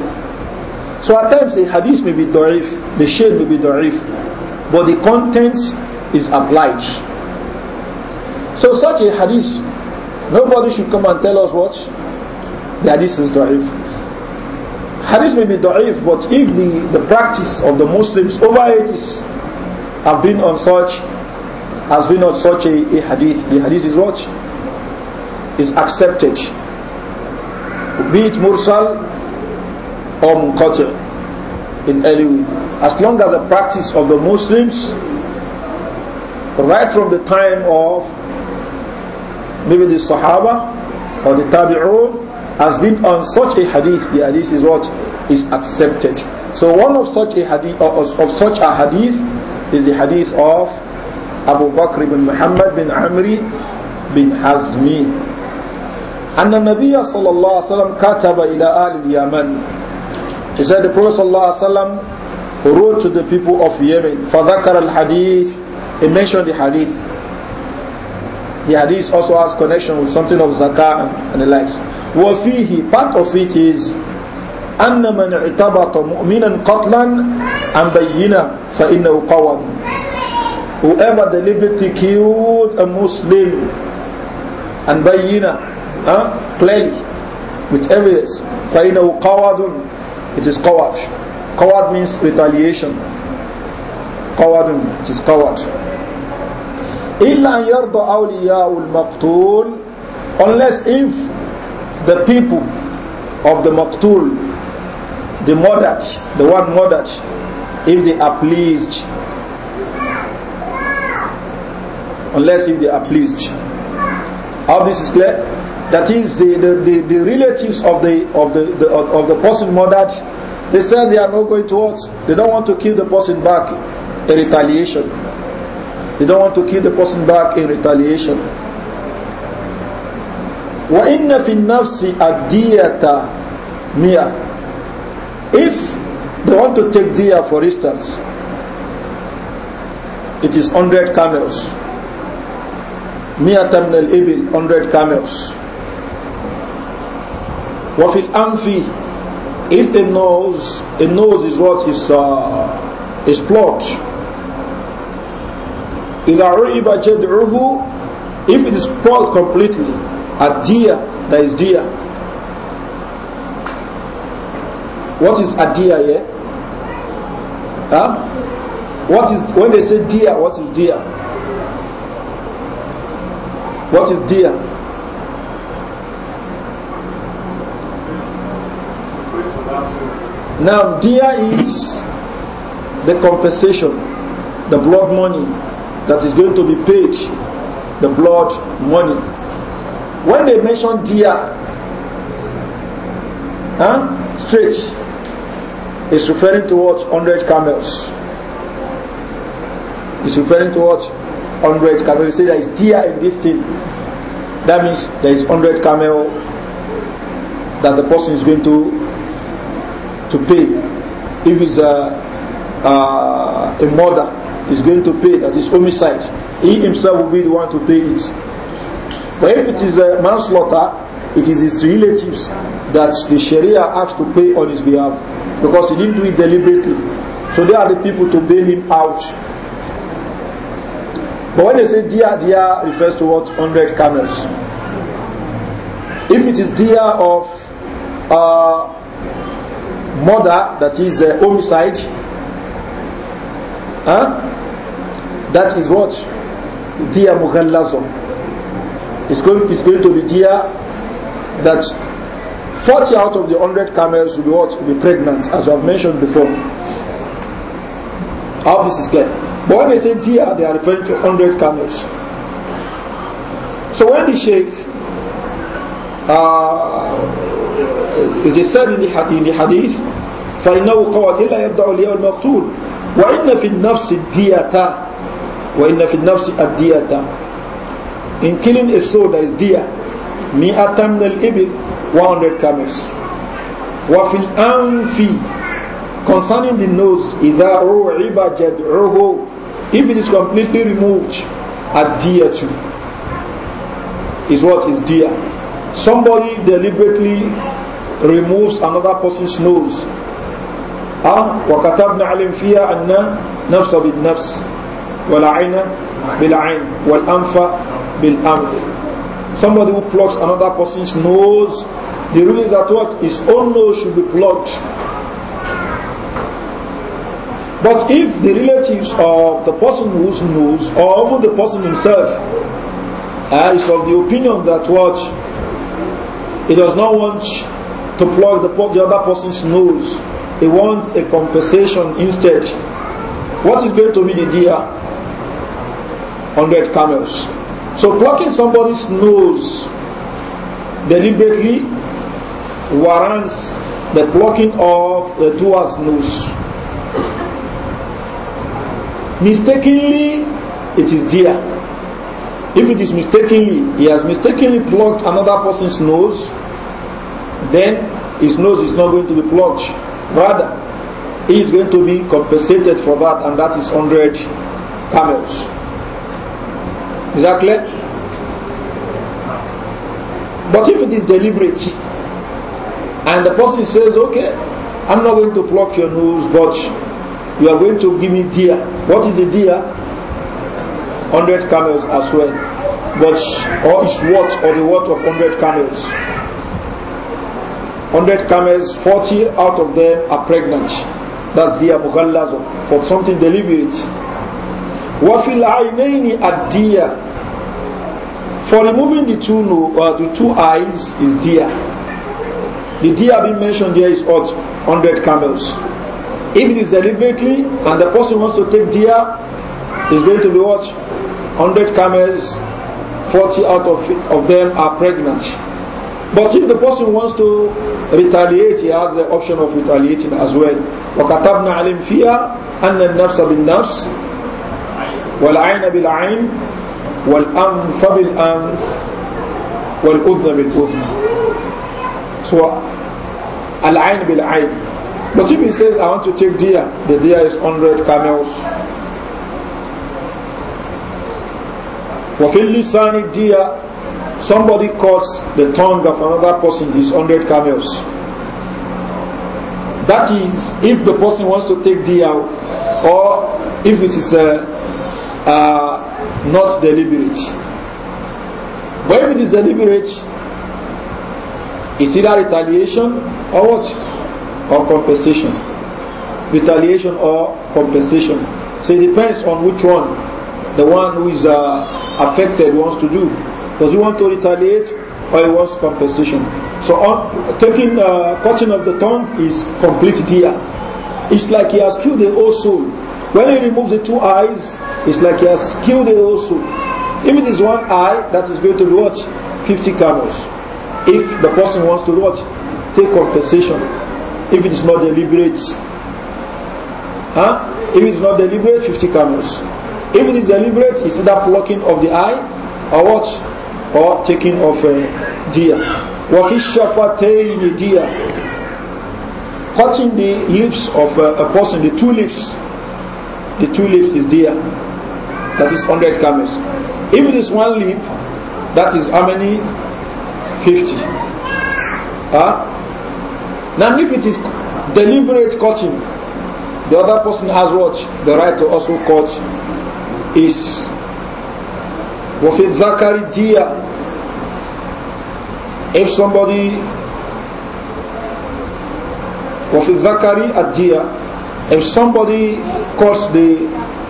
So at times the hadith may be da'if, the shade may be da'if, but the content is applied. So such a hadith, nobody should come and tell us what the hadith is da'if. Hadith may be da'if, but if the, the practice of the Muslims over ages have been on such, has been on such a, a hadith, the hadith is what? Is accepted. Be it mursal or munqati in any way. As long as the practice of the Muslims, right from the time of maybe the Sahaba or the Tabi'un, has been on such a hadith, the hadith is what is accepted. So one of such a hadith of, such a hadith is the hadith of Abu Bakr bin Muhammad bin Amri bin Hazmi. أن النبي صلى الله عليه وسلم كتب إلى آل اليمن. He said the Prophet صلى الله عليه وسلم wrote to the people of Yemen. فذكر الحديث. He mentioned the hadith. The hadith also has connection with something of zakah and the likes. وفيه part of it is أن من اعتبط مؤمنا قتلا عن بينة فإنه قوم whoever deliberately killed a Muslim and بينه huh? clearly with evidence فإنه قواد it is قواد قواد means retaliation قواد it is قواد إلا أن يرضى أولياء المقتول unless if the people of the Maktul, the murdered, the one murdered, if they are pleased, unless if they are pleased. How this is clear? That is, the, the, the, the relatives of the of the, the of, the person murdered, they said they are not going to They don't want to kill the person back in retaliation. They don't want to kill the person back in retaliation. wa inna fi nafsi adiyata mia if they want to take dia for instance it is hundred camels Mia terminal ibil hundred camels wa fil anfi if a nose a nose is what is uh, is plot إذا عُرِبَ جَدْعُهُ if it is spoiled completely A Adia, that is dia. What is a adia here? Huh? What is when they say dia? What is dia? What is dia? Now dia is the compensation, the blood money that is going to be paid, the blood money when they mention dia huh, straight is referring towards 100 camels it's referring towards 100 camels you say there is dia in this thing that means there is 100 camel that the person is going to to pay if it's a, a, a murder is going to pay that is homicide he himself will be the one to pay it But if it is a manslaughter, it is his relatives that the Sharia has to pay on his behalf because he didn't do it deliberately. So they are the people to bail him out. But when they say dia, dia refers to what? hundred camels. If it is dia of uh, murder, that is uh, homicide, huh? that is what? Dia mughallazon. It's going, it's going to be dear that 40 out of the 100 camels will be what? Will be pregnant, as I've mentioned before. How this is clear. But when they say dear they are referring to 100 camels. So when the Sheikh, uh, it is said in the, in the hadith, فإنه قال إلا يدع اليوم المقتول وإن في النفس الدية وإن في النفس الدية in killing a soul that is dear mi'atam al ibil 100 camels wa fil anfi concerning the nose idha ru'iba jad'uhu if it is completely removed at dear too is what is dear somebody deliberately removes another person's nose ah wa katabna alim fiha anna nafsa bin nafs wal ayna bil ayn wal anfa Bill anf. Somebody who plucks another person's nose, the rule is that what his own nose should be plucked. But if the relatives of the person whose nose, or even the person himself, uh, is of the opinion that what he does not want to pluck the, the other person's nose, he wants a compensation instead. What is going to be the deer? 100 camels. So plucking somebody's nose deliberately warrants the plucking of the doer's nose. Mistakenly, it is dear. If it is mistakenly, he has mistakenly plucked another person's nose, then his nose is not going to be plucked. Rather, he is going to be compensated for that, and that is 100 camels. Is that clear? But if it is deliberate and the person says, okay, I'm not going to pluck your nose, but you are going to give me deer. What is a deer? 100 camels as well. But, or is what, or the worth of 100 camels. 100 camels, 40 out of them are pregnant. That's deer, mughallazah, for something deliberate wafil ainaini adiya for removing the two no uh, the two eyes is deer the deer being mentioned there is odd hundred camels if it is deliberately and the person wants to take deer is going to be what hundred camels Forty out of of them are pregnant but if the person wants to retaliate he has the option of retaliating as well وَكَتَبْنَا عَلِمْ anna أَنَّ النَّفْسَ بِالنَّفْسِ والعين بالعين والأنف بالأنف والأذن بالأذن so العين بالعين but if he says I want to take deer the deer is 100 camels وفي اللسان deer somebody cuts the tongue of another person is 100 camels that is if the person wants to take deer or if it is a are not deliberate. But if it is deliberate, is either retaliation or what? Or compensation. Retaliation or compensation. So it depends on which one the one who is uh, affected wants to do. Does he want to retaliate or he wants compensation? So on, taking uh, cutting of the tongue is complete here. It's like he has killed the whole soul When he removes the two eyes, it's like he has killed it also. If it is one eye, that is going to watch 50 camels. If the person wants to watch, Take compensation. If it is not deliberate. Huh? If it is not deliberate, 50 camels. If it is deliberate, it's either plucking of the eye or watch, Or taking of a deer. وَفِي a deer. Cutting the lips of a, uh, a person, the two lips. the two leaves is there. That is hundred camels. If it is one leaf, that is how many? Fifty. Huh? Now, if it is deliberate cutting, the other person has what? The right to also cut is. وفي Zakari دية if somebody وفي الذكر الدية If somebody cuts the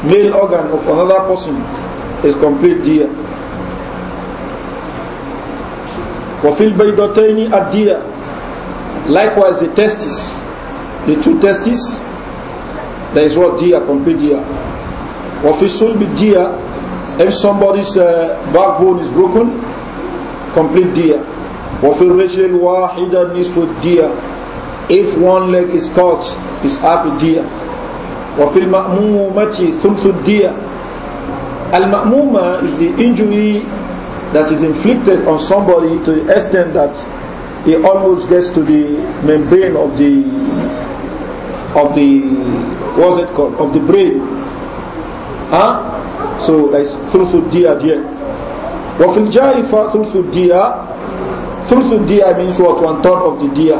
male organ of another person, it's complete deer. وفي البيضتين الدية likewise the testes the two testes there is what deer complete dear وفي صلب if somebody's uh, backbone is broken complete deer وفي الرجل الواحدة نصف الدية if one leg is cut, it's half a deer. وفي المأمومة ثلث الدية Al-Ma'muma is the injury that is inflicted on somebody to the extent that he almost gets to the membrane of the of the what's it called of the brain huh so like through dia dia وفي الجائفة ثلث الدية ثلث الدية means what one third of the dia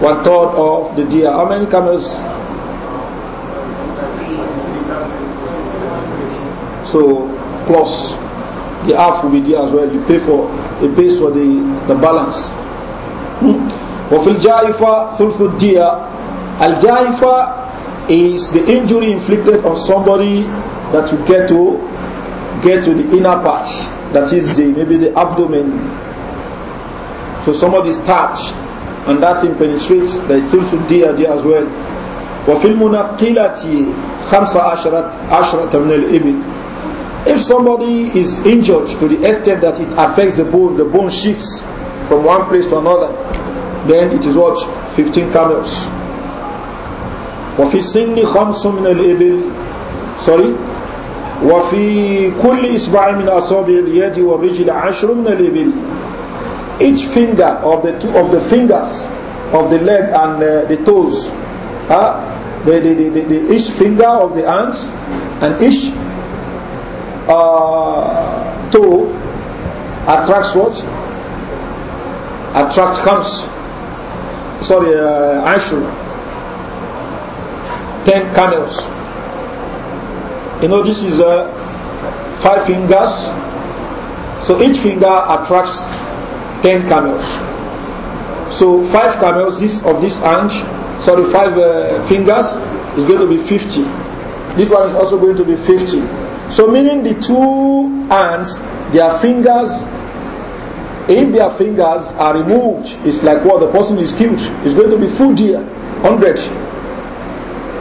one third of the deer. How many camels? So plus the half will be there as well. You pay for it pays for the, the balance. وفي الجائفة ثلث الدية الجائفة is the injury inflicted on somebody that you get to get to the inner part that is the maybe the abdomen so somebody touched. and that thing penetrates the thulthul diyadi as well وفي المنقلة خمسة عشرة عشرة من الإبل if somebody is injured to the extent that it affects the bone, the bone shifts from one place to another, then it is what? 15 camels. وفي السن خمس من الإبل sorry وفي كل إصبع من أصابع اليد والرجل عشر من الإبل each finger of the two of the fingers of the leg and uh, the toes, uh, the, the, the, the, each finger of the hands and each uh, toe attracts what? Attracts comes. Sorry, uh, Ashur. Ten camels. You know this is uh, five fingers. So each finger attracts ten camels. So five camels this of this hand, sorry, five uh, fingers is going to be 50. This one is also going to be 50. So meaning the two hands, their fingers, if their fingers are removed, it's like what well, the person is killed. It's going to be full deer, 100.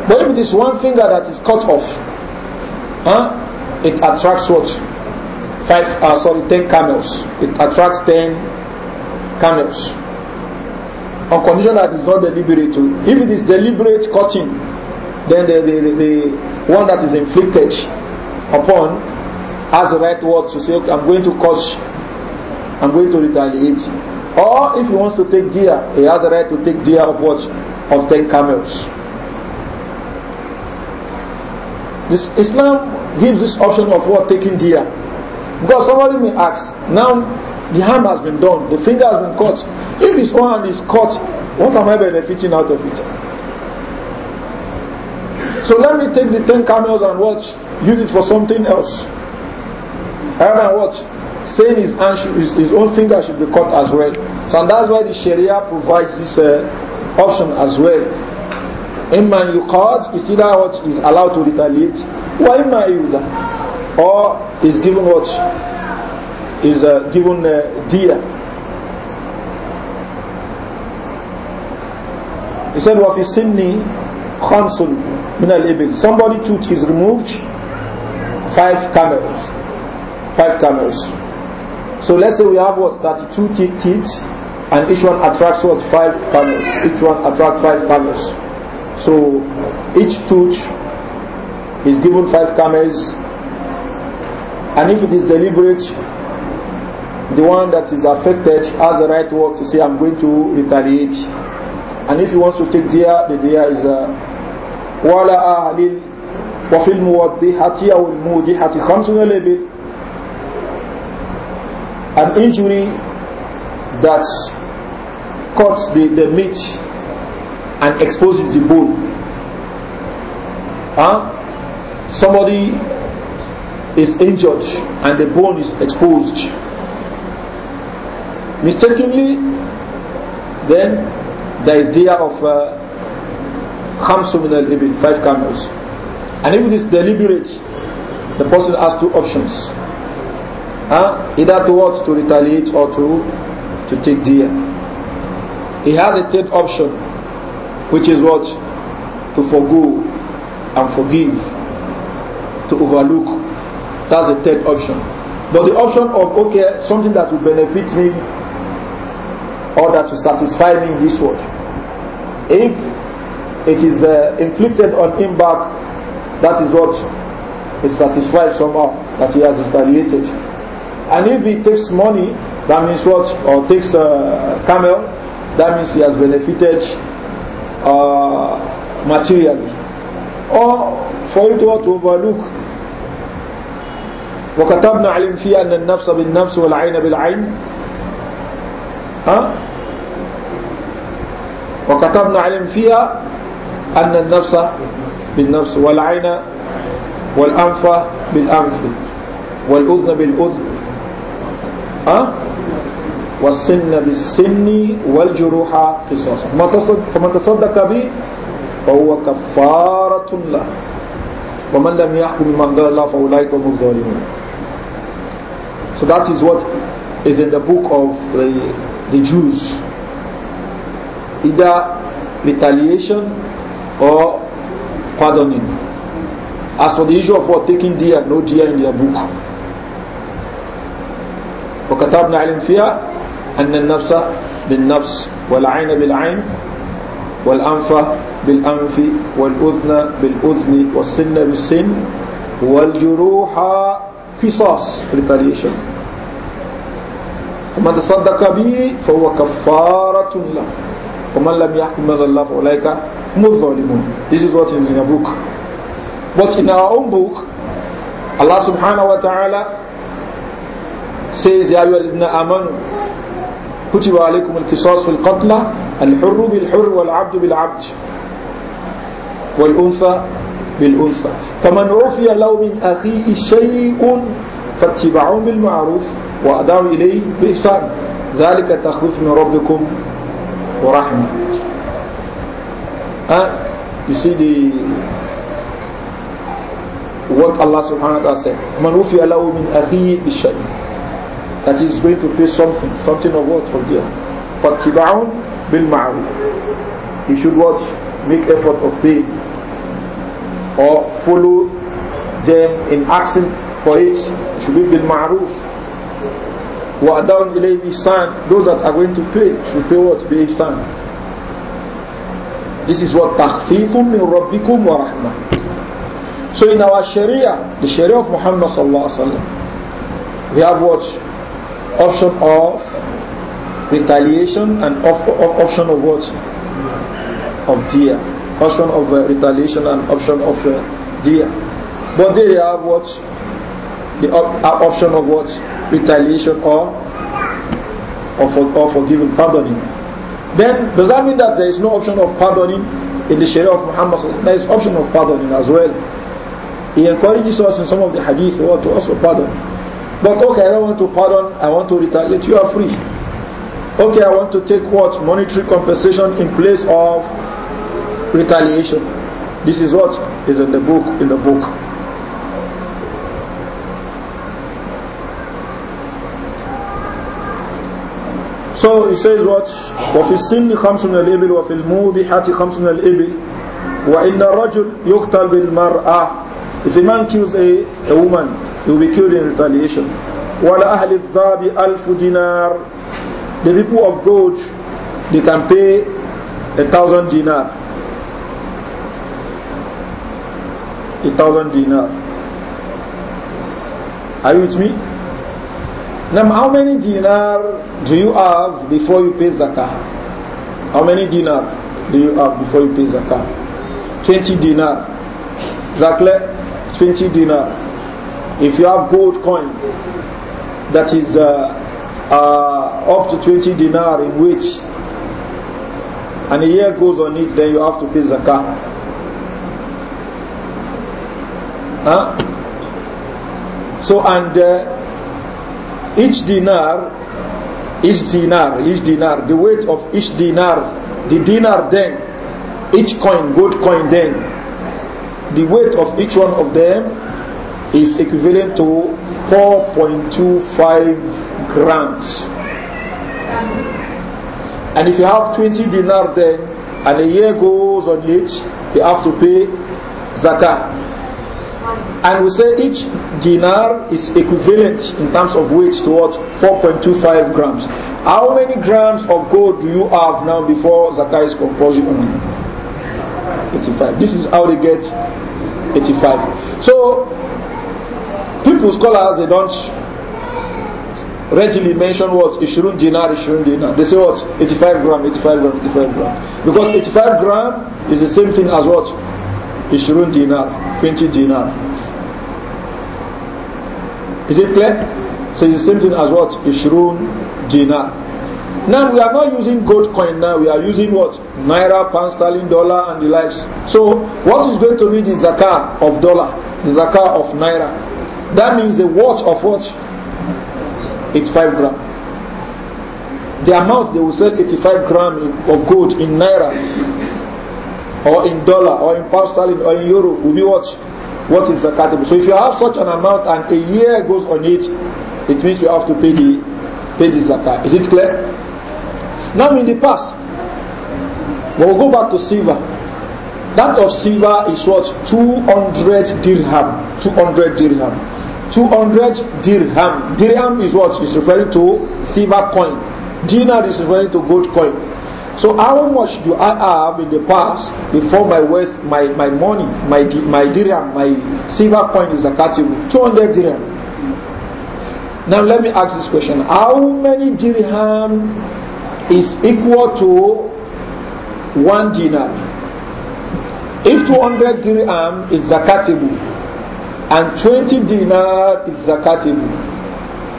But if it is one finger that is cut off, huh, it attracts what? Five, uh, sorry, 10 camels. It attracts 10 camels on condition that it's not deliberate. If it is deliberate cutting, then the, the, the, the one that is inflicted upon has the right word to say, okay, I'm going to cut, I'm going to retaliate. Or if he wants to take deer, he has the right to take deer of what? Of 10 camels. This Islam gives this option of what? Taking deer. Because somebody may ask, now The harm has been done. The finger has been cut. If his own hand is cut, what am I benefiting out of it? So let me take the ten camels and watch, use it for something else. Rather than what? Saying his, hand should, his, his, own finger should be cut as well. So and that's why the Sharia provides this uh, option as well. you Imma yuqad see that what is allowed to retaliate, wa imma yuda, or is given what is uh, given uh, dia. He said, وَفِي السِّنِّ خَمْسٌ مِنَ الْإِبِلِ Somebody tooth is removed, five camels. Five camels. So let's say we have what, 32 teeth, and each one attracts what, five camels. Each one attracts five camels. So each tooth is given five camels, and if it is deliberate, the one that is affected has the right to to say, I'm going to retaliate. And if he wants to take dia, the dia is uh, a wa fil وَفِي الْمُوَضِّحَةِ أَوْ الْمُوضِحَةِ خَمْسُونَ لَبِلْ An injury that cuts the, the meat and exposes the bone. Huh? Somebody is injured and the bone is exposed mistakenly, then there is dia of uh, khamsu min al ibil, five camels. And if it is deliberate, the person has two options. Huh? Either towards to retaliate or to, to take dia. He has a third option, which is what? To forgo and forgive, to overlook. That's the third option. But the option of, okay, something that will benefit me order to satisfy me in this world. If it is uh, inflicted on him back, that is what is satisfied somehow that he has retaliated. And if he takes money, that means what? Or takes uh, camel, that means he has benefited uh, materially. Or for you to, to overlook. وكتبنا علم فيها أن النفس بالنفس والعين بالعين ها وكتبنا عليهم فيها أن النفس بالنفس والعين والأنف بالأنف والأذن بالأذن أه؟ والسن بالسن والجروح قصاصا فمن تصدق به فهو كفارة له ومن لم يحكم بما أنزل الله فأولئك هم الظالمون So that is what is in the book of the the Jews, either retaliation or pardoning. As for the issue of what taking deer, no deer in their book. وكتبنا علم فيها أن النفس بالنفس والعين بالعين والأنف بالأنف والأذن بالأذن والسن بالسن والجروح قصاص retaliation ومن تصدق به فهو كفارة له ومن لم يحكم بما الله فأولئك هم الظالمون This is what is in a book But in our own book Allah subhanahu wa ta'ala says يا أيها الذين آمنوا كتب عليكم القصاص في القتلى الحر بالحر والعبد بالعبد والأنثى بالأنثى فمن عفي له من أخيه شيء فاتباع بالمعروف وأدعو إليه بإحسان ذلك تخفيف من ربكم ورحمة uh, you see what Allah subhanahu wa ta'ala said man ufi alahu min akhihi bishay that is going to pay something something of what of dear fattiba'un bil ma'ruf he should watch make effort of paying or follow them in action for it should be bil ma'ruf Who are down وَأَدَوْنْ إِلَيْهِ إِحْسَانٍ Those that are going to pay should pay what? Be ihsan. This is what تَخْفِيفٌ مِنْ رَبِّكُمْ وَرَحْمَةٌ So in our Sharia, the Sharia of Muhammad sallallahu alaihi wasallam, we have what? Option of retaliation and of, of, option of what? Of dear. Option of uh, retaliation and option of uh, dear. But there they have what? The op uh, option of what? retaliation or, or, for, or forgiving, pardoning. Then does that mean that there is no option of pardoning in the Sharia of Muhammad? There is option of pardoning as well. He encourages us in some of the hadith or oh, to also pardon. But okay, I don't want to pardon, I want to retaliate, you are free. Okay, I want to take what? Monetary compensation in place of retaliation. This is what is in the book, in the book. So he says what? وَفِي السِّنِّ خَمْسٌ مِنَ الْإِبِلِ وَفِي الْمُوضِحَةِ خَمْسٌ مِنَ الْإِبِلِ وَإِنَّ الرَّجُلْ يُقْتَلْ بِالْمَرْأَةِ If a man kills a, a woman, he will be killed in retaliation. وَلَأَهْلِ الذَّابِ أَلْفُ دِنَار The people of gold, they can pay a thousand dinar. A thousand dinar. Are you with me? Now, how many dinar do you have before you pay zakah? How many dinar do you have before you pay zakah? 20 dinar. Zakle, 20 dinar. If you have gold coin that is uh, uh, up to 20 dinar in weight, and a year goes on it, then you have to pay zakah. Huh? So, and uh, Each dinar, each dinar, each dinar, the weight of each dinar, the dinar then, each coin, gold coin then, the weight of each one of them is equivalent to 4.25 grams. And if you have 20 dinar then, and a year goes on it, you have to pay zakah. And we say each dinar is equivalent in terms of weight to what? 4.25 grams. How many grams of gold do you have now before Zakai is composing on 85. This is how they get 85. So, people, scholars, they don't readily mention what? Ishrun dinar, Ishrun dinar. They say what? 85 gram, 85 gram, 85 gram. Because 85 gram is the same thing as what? Ishrun dinar, 20 dinar. Is it clear? So it's the same thing as what? Ishrun Jina. Now we are not using gold coin now, we are using what? Naira, pound sterling, dollar and the likes. So what is going to be the zakah of dollar? The zakah of naira. That means a watch of what? It's five gram. The amount they will sell 85 gram in, of gold in naira or in dollar or in pound sterling or in euro will be what? what is zakatable. So if you have such an amount and a year goes on it, it means you have to pay the pay the zakat. Is it clear? Now in the past, we will go back to silver. That of silver is what hundred dirham. Two hundred dirham. Two hundred dirham. Dirham is what is referring to silver coin. Dinar is referring to gold coin. So how much do I have in the past before my worth, my, my money, my my dirham, my silver coin is accountable? hundred dirham. Now let me ask this question. How many dirham is equal to one dinar? If two hundred dirham is zakatable and twenty dinar is zakatable,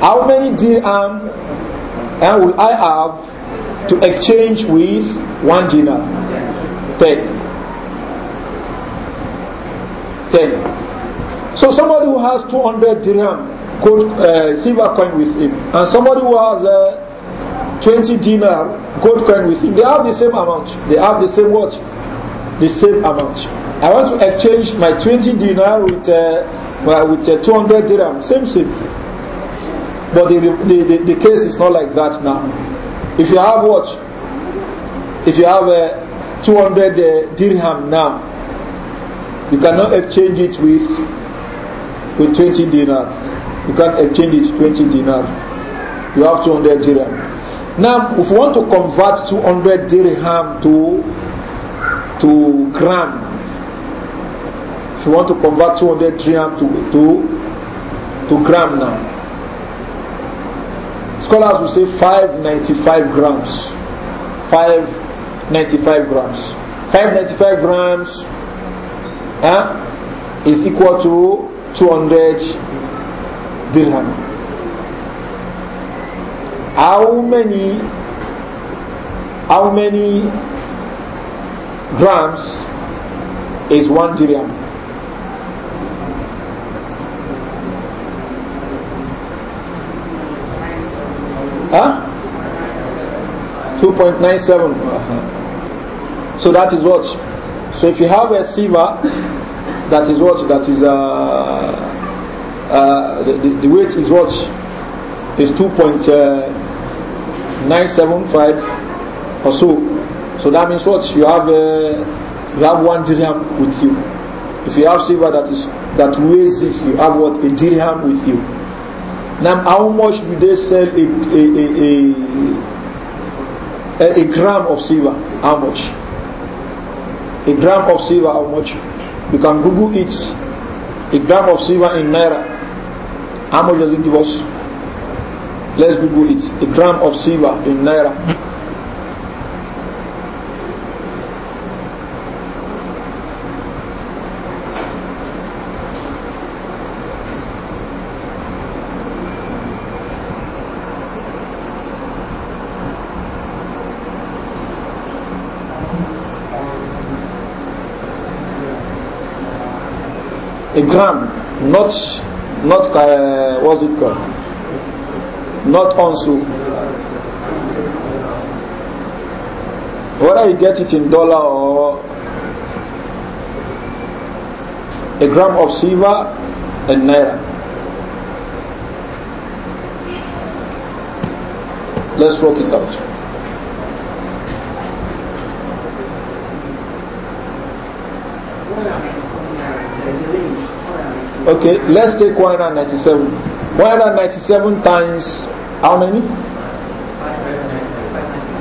how many dirham eh, will I have to exchange with one dinar. Ten. Ten. So somebody who has two hundred dirham, gold, uh, silver coin with him, and somebody who has uh, 20 dinar, gold coin with him, they have the same amount. They have the same what? The same amount. I want to exchange my twenty dinar with uh, well, with uh, hundred dirham. Same, same. But the, the, the, the case is not like that now. If you have what? If you have a uh, 200 uh, dirham now, you cannot exchange it with with 20 dinar. You can't exchange it 20 dinar. You have 200 dirham. Now, if you want to convert 200 dirham to to gram, if you want to convert 200 dirham to to to gram now, Scholars will say 595 grams. 595 grams. 595 grams eh, is equal to 200 dirham. How many how many grams is one dirham? Huh? 2.97. Uh-huh. So that is what? So if you have a sieve, that is what? That is, uh, uh, the, the, the weight is what? Is 2.975 uh, or so. So that means what? You have, uh, you have one dirham with you. If you have silver that is that weighs this, you have what? A dirham with you. Now, how much do they sell a, a, a, a, a gram of silver? How much? A gram of silver, how much? You can Google it. A gram of silver in Naira. How much does it give us? Let's Google it. A gram of silver in Naira. gram, not, not uh, what's it called? Not onsu. Whether you get it in dollar or a gram of silver and naira. Let's work it out. Okay, let's take 197. 197 times how many?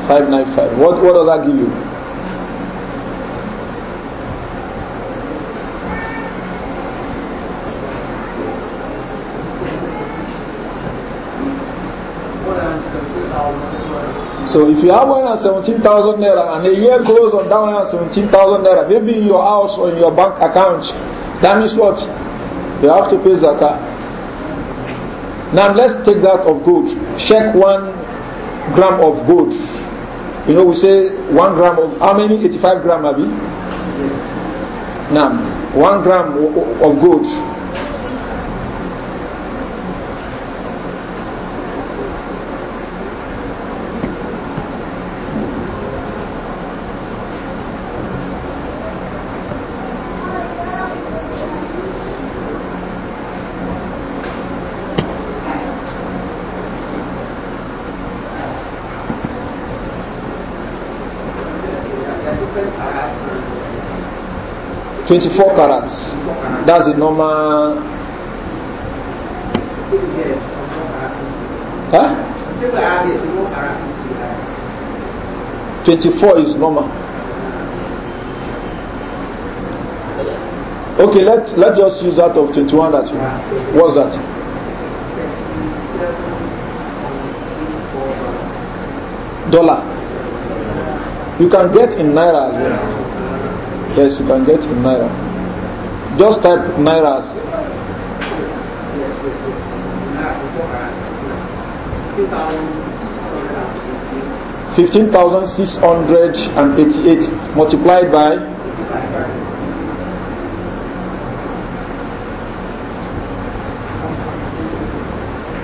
595. What, what does that give you? So if you have 117,000 naira and a year goes on that 117,000 naira, maybe in your house or in your bank account, that means what? They have to pay zakah. Now let's take that of gold. Check one gram of gold. You know, we say one gram of how many? 85 gram, maybe. Now, one gram of gold. 24 carats. That's the normal. Huh? 24 is normal. Okay, let let's just use that of 21 that you what's that? Dollar. You can get in naira as well. Yes, you can get in Naira. Just type Naira. Fifteen thousand six hundred and eighty-eight multiplied by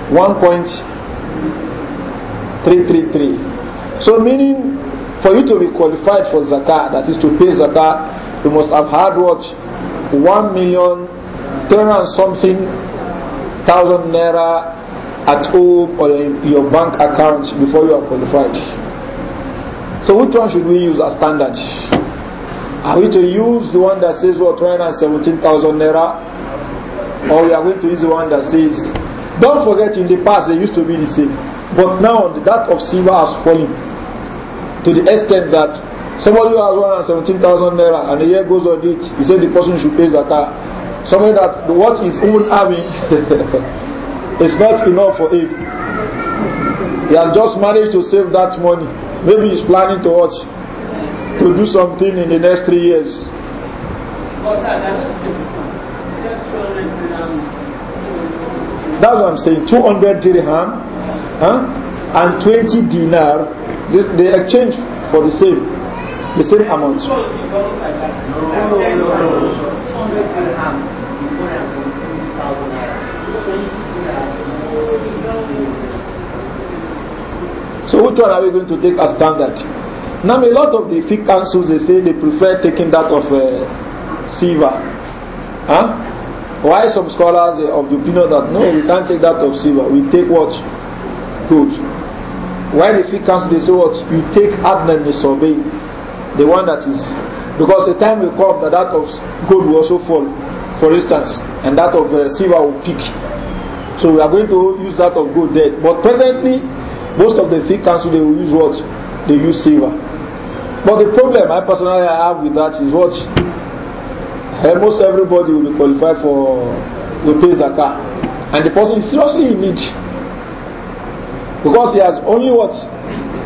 one point three three three. So meaning for you to be qualified for zakat, that is to pay zakat. You must have had what? One million, ten and something thousand naira at home or in your bank account before you are qualified. So which one should we use as standard? Are we to use the one that says what 217,000 naira? Or we are going to use the one that says, don't forget in the past they used to be the same. But now that of silver has fallen to the extent that Somebody who has thousand naira and a year goes on it, He say the person should pay zakat. Somebody that what is own having [laughs] is not enough for him. He has just managed to save that money. Maybe he's planning to watch, to do something in the next three years. That's what I'm saying. Two hundred dirham huh? and twenty dinar, they exchange for the same the same amount. So which one are we going to take as standard? Now a lot of the fiqh councils they say they prefer taking that of uh, silver. Huh? Why some scholars eh, of the opinion that no, we can't take that of silver. We take what? Gold. Why the fiqh council they say what? You take Adnan Nisobei the one that is because the time will come that that of gold will also fall for instance and that of uh, silver will peak so we are going to use that of gold there but presently most of the fake council they will use what they use silver but the problem i personally have with that is what almost everybody will be qualified for the pay zakah and the person is seriously in need because he has only what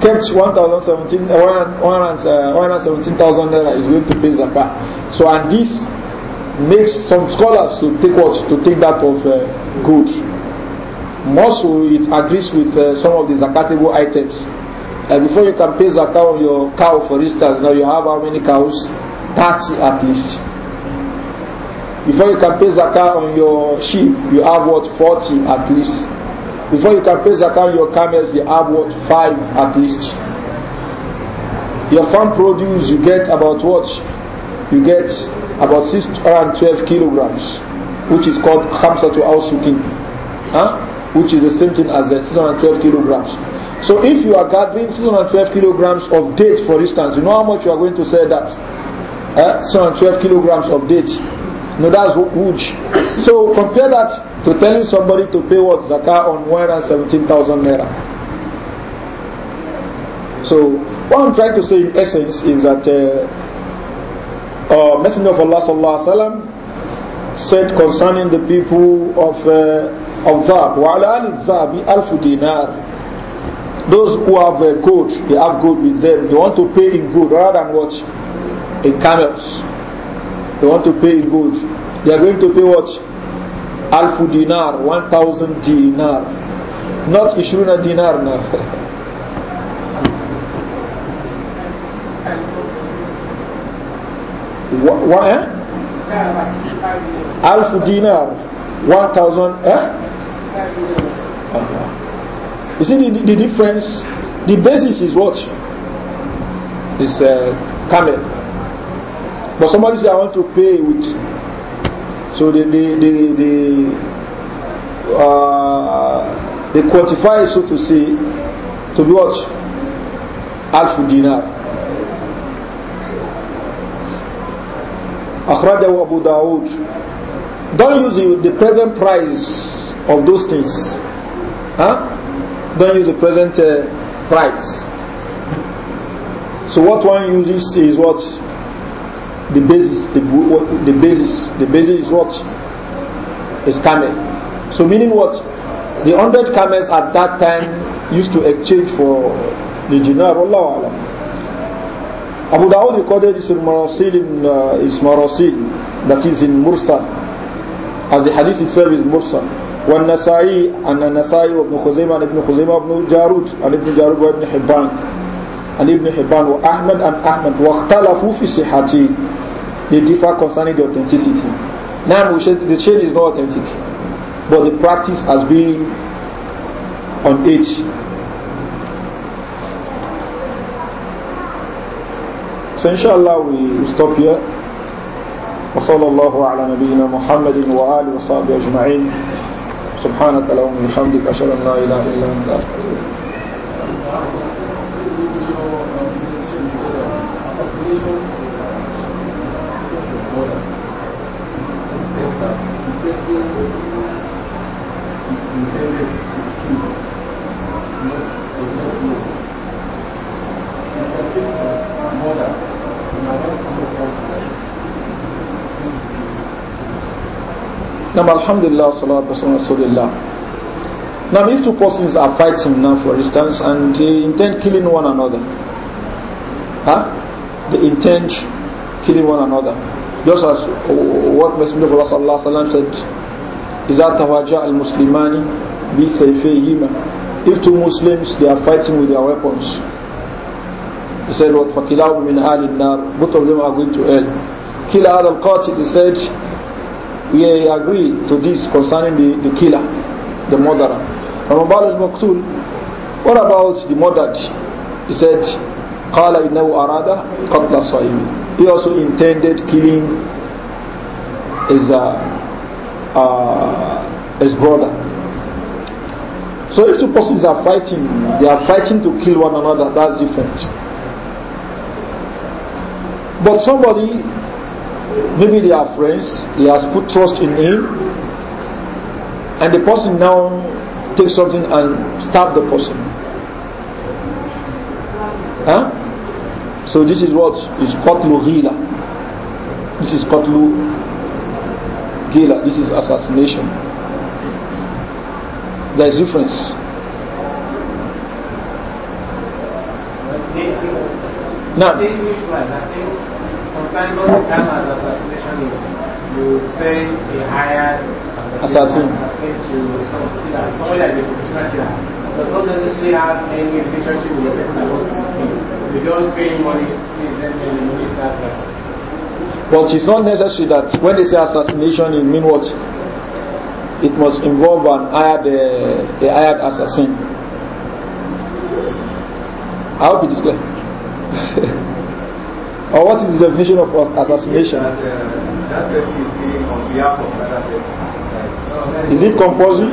kept 117,000 uh, uh, naira is going to pay zakah. So, and this makes some scholars to take what? To take that of uh, gold. More it agrees with uh, some of the zakatable items. Uh, before you can pay zakah on your cow, for instance, now you have how many cows? 30 at least. Before you can pay zakah on your sheep, you have what? 40 at least. Before you can place zakat on your camels, you have what? Five at least. Your farm produce, you get about what? You get about six twelve kilograms, which is called khamsatu al sukin, huh? which is the same thing as the uh, six twelve kilograms. So if you are gathering six twelve kilograms of date, for instance, you know how much you are going to sell that? Six Eh? twelve kilograms of date No, that's wuj. So compare that to telling somebody to pay what? Zakah on 117,000 naira. So what I'm trying to say in essence is that uh, uh, Messenger of Allah sallallahu alaihi wasallam said concerning the people of uh, of Zab, وَعَلَى Zabi أَلْفُ dinar. Those who have uh, gold, they have gold with them. They want to pay in gold rather than what? In camels. They want to pay in gold. They are going to pay what? Alfu dinar, one thousand dinar. Not Ishruna dinar now. [laughs] what? eh? Alfu dinar, one thousand. Eh? Uh-huh. You see the, the, difference? The basis is what? Is uh, camel. But somebody say, I want to pay with. So they, they, they, they, uh, they quantify, so to say, to be what? Alf dinar. أخرجه أبو داود Don't use the, the present price of those things. Huh? Don't use the present uh, price. So what one uses is what the basis the, the basis the basis is what is camel so meaning what the hundred camels at that time used to exchange for the dinar Allah alam Abu Dawud recorded this in Marasil in uh, is Marasil that is in Mursal as the hadith itself is Mursal والنسائي أن النسائي وابن Ibn Khuzaimah ابن خزيمة وابن جارود عن ابن جارود Ibn Hibban. and Ibn Hibban wa Ahmad and Ahmad واختلفوا في صحته they differ concerning the authenticity now we the shade is not authentic but the practice has been on age so inshallah we stop here وصلى الله على نبينا محمد وآله وصحبه أجمعين سبحانك اللهم وبحمدك أشهد أن لا إله إلا أنت أستغفرك reconciliation is the order. Except that the person is intended to kill. It's not, does not know. In some cases of murder, Now, Alhamdulillah, now, if two persons are fighting now, for instance, and they intend killing one another, huh? The intent killing one another. Just as what Messenger of Allah sallam, said, إِذَا تَوَاجَعَ الْمُسْلِمَانِ بِسَيْفَيْهِمَا If two Muslims, they are fighting with their weapons. He said, what فَكِلَاهُ مِنْ آلِ النَّارِ Both of them are going to hell. Kill al القاتل, he said, we agree to this concerning the, the killer, the murderer. al-Maktul. What about the murdered? He said, Qala innahu arada qatla sa'ibi. He also intended killing his, uh, uh, his brother. So if two persons are fighting, they are fighting to kill one another, that's different. But somebody, maybe they are friends, he has put trust in him, and the person now takes something and stab the person. Huh? So this is what is Qatlu Ghila. This is Qatlu Ghila. This is assassination. There is difference. Now, sometimes all the time as assassination is you say a hired assassin, assassin. to some killer, someone that is a professional killer does not necessarily have any relationship with the person that wants to kill. You just money, please send the money start But it's not necessary that when they say assassination, it mean what? It must involve an hired, uh, a hired assassin. I hope it is clear. [laughs] or what is the definition of assassination? That, uh, that person is being on behalf of another person. Is it compulsory?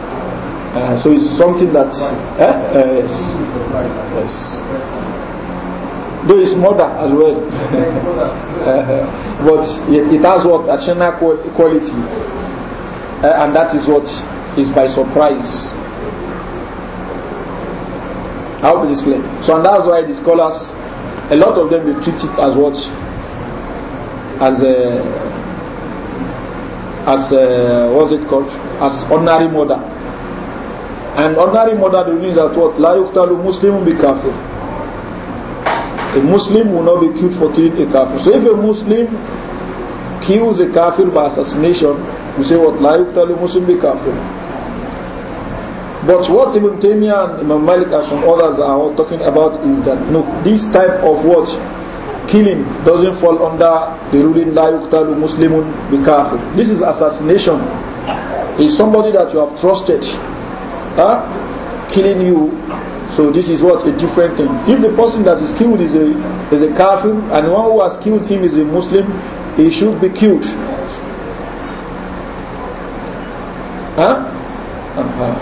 Uh, so it's something that eh? uh, yes. yes. though it's murder as well [laughs] uh, uh, but it, has what additional quality uh, and that is what is by surprise How hope it so and that's why the scholars a lot of them they treat it as what as a uh, as a, what's it called as ordinary murder And ordinary murder means that what? La yuktalu Muslim will be kafir. A Muslim will not be killed for killing a kafir. So if a Muslim kills a kafir by assassination, we say what? La yuktalu Muslim be kafir. But what Ibn Taymiyyah and Imam Malik and some others are all talking about is that no, this type of what? Killing doesn't fall under the ruling La yuktalu Muslimun be kafir. This is assassination. It's somebody that you have trusted huh? killing you. So this is what a different thing. If the person that is killed is a is a kafir and one who has killed him is a Muslim, he should be killed. Huh? Uh -huh.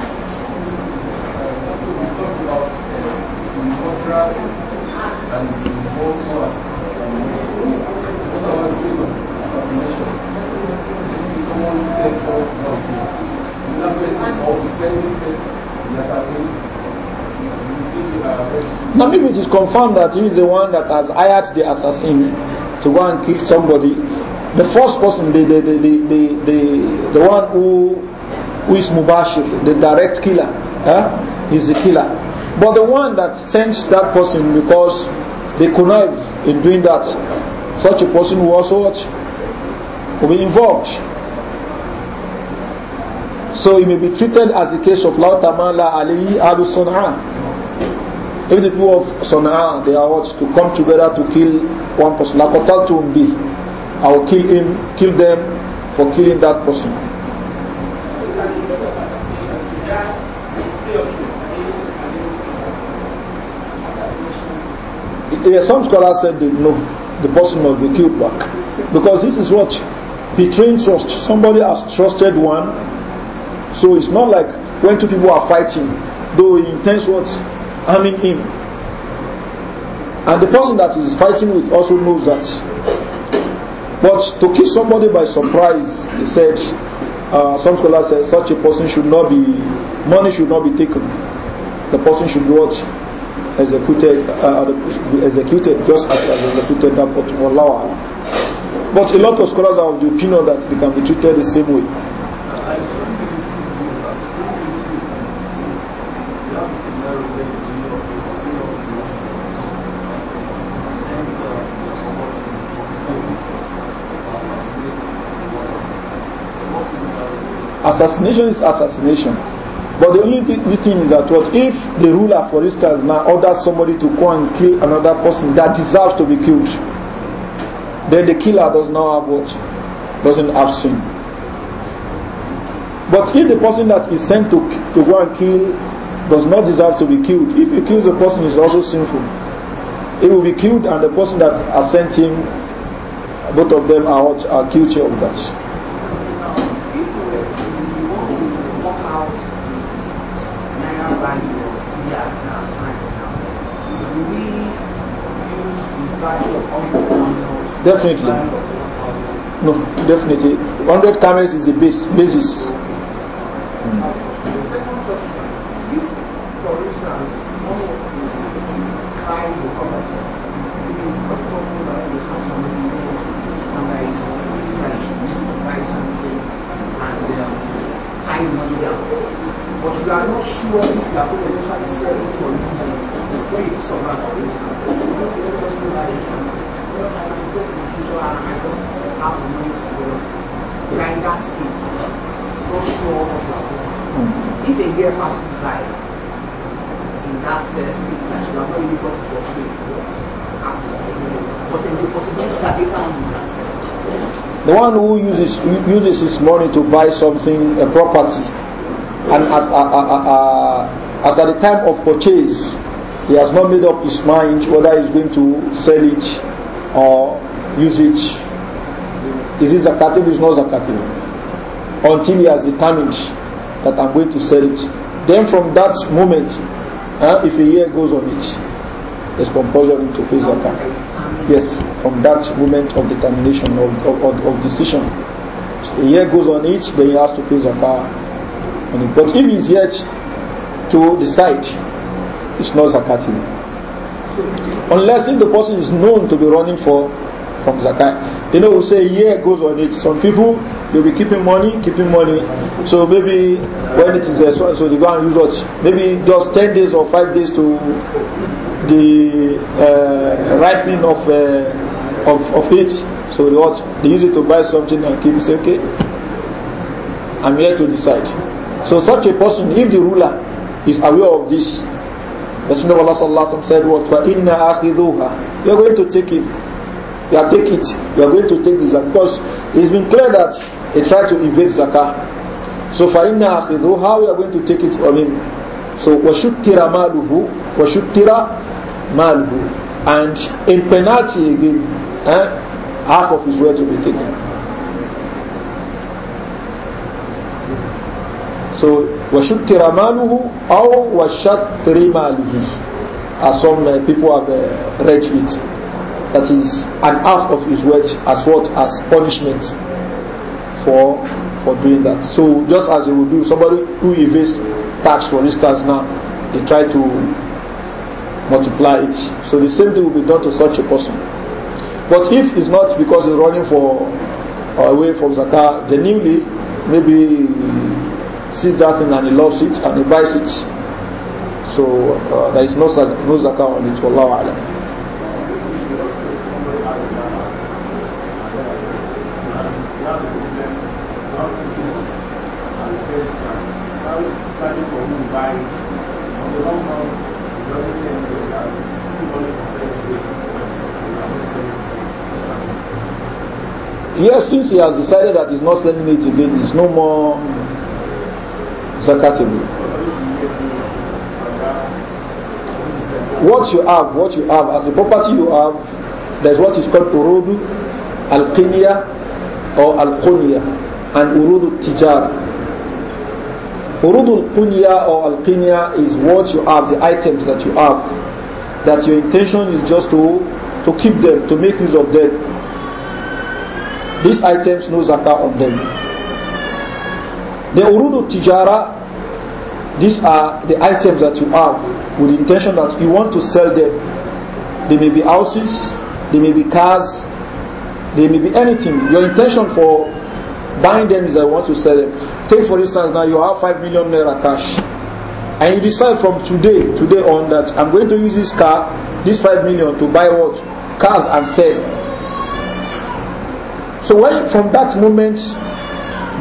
Someone says, another person or the same person the assassin now, if it is confirmed that he is the one that has hired the assassin to go and kill somebody, the first person, the the the the the, the, the one who who is Mubashir, the direct killer, eh, is the killer. But the one that sent that person because they connive in doing that, such a person will also will be involved. So it may be treated as the case of lautamala Tamala Ali If the people of Son'a, they are what? To come together to kill one person. La Qataltum I will kill him, kill them for killing that person. Yeah, some scholars said that no, the person must be killed back. Because this is what? Betraying trust. Somebody has trusted one So it's not like when two people are fighting, though he intends what? Harming him. And the person that is fighting with also knows that. But to kill somebody by surprise, he said, uh, some scholars say such a person should not be, money should not be taken. The person should be what? Executed, uh, uh executed just as executed that person. But a lot of scholars are of the opinion that they can be treated the same way. assassination is assassination. But the only th the thing is that what if the ruler, for instance, now orders somebody to go and kill another person that deserves to be killed, then the killer does not have what? Doesn't have sin. But if the person that is sent to, to go and kill does not deserve to be killed. If he kills the person, he's also sinful. He will be killed, and the person that has sent him, both of them are, are guilty of that. Definitely. No, definitely. 100 camels is the base, basis. Mm. But we are not sure if you are going to eventually sell it or lose it. When you survive or lose it, you don't get just do that if you don't have to sell the future and I just have some money to go on. You are that state, not sure what you are going to do. If a year passes by in that uh, state that you are not really going to portray what happens, but there's a possibility that later on you can sell. The one who uses uses his money to buy something, a property, and as, uh uh, uh, uh, as at the time of purchase, he has not made up his mind whether he's going to sell it or use it. Is it zakatable? Is not zakatable? Until he has determined that I'm going to sell it. Then from that moment, uh, if a year goes on it, it's compulsory to pay zakat. Yes, from that moment of determination of, of, of decision, a year goes on it, then he has to pay zakat But if he's yet to decide, it's not zakatable. Unless if the person is known to be running for from zakat. You know, we say a year goes on it. Some people, they'll be keeping money, keeping money. So maybe when it is a uh, so, so they go and use what? Maybe just 10 days or 5 days to the uh, ripening of, uh, of of it. So they, what, they use it to buy something and keep Say, okay, I'm here to decide. So such a person, if the ruler is aware of this, Messenger of Allah said what فَإِنَّ أَخِذُوهَا You are going to take it. You are take it. You are going to take this because it's been clear that he tried to evade zakah. So فَإِنَّ أَخِذُوهَا We are going to take it from him. So وَشُتِّرَ مَالُهُ وَشُتِّرَ مَالُهُ And in penalty again, eh, half of his wealth will be taken. So, وَشُتِّرَ مَالُهُ أَوْ وَشَتْرِ As some uh, people have uh, read it. That is an half of his wealth as what? As punishment for for doing that. So just as you would do, somebody who evades tax for instance now, they try to multiply it. So the same thing will be done to such a person. But if it's not because he's running for away from zakah genuinely, maybe sees that thing and he loves it and he buys it. So uh, there is no, no zakah on it, Wallahu Alam. Yes, since he has decided that he's not selling it again, it's no more zakatable. What you have, what you have, and the property you have, there's what is called urudu al-qiniya or al-qunya and urudu tijara. Urudul Kunya or Al Kunya is what you have, the items that you have, that your intention is just to, to keep them, to make use of them. These items, no zakat on them. The urunu tijara, these are the items that you have with the intention that you want to sell them. They may be houses, they may be cars, they may be anything. Your intention for buying them is I want to sell them. Take for instance now you have five million naira cash and you decide from today, today on that I'm going to use this car, this five million to buy what? Cars and sell. So when from that moment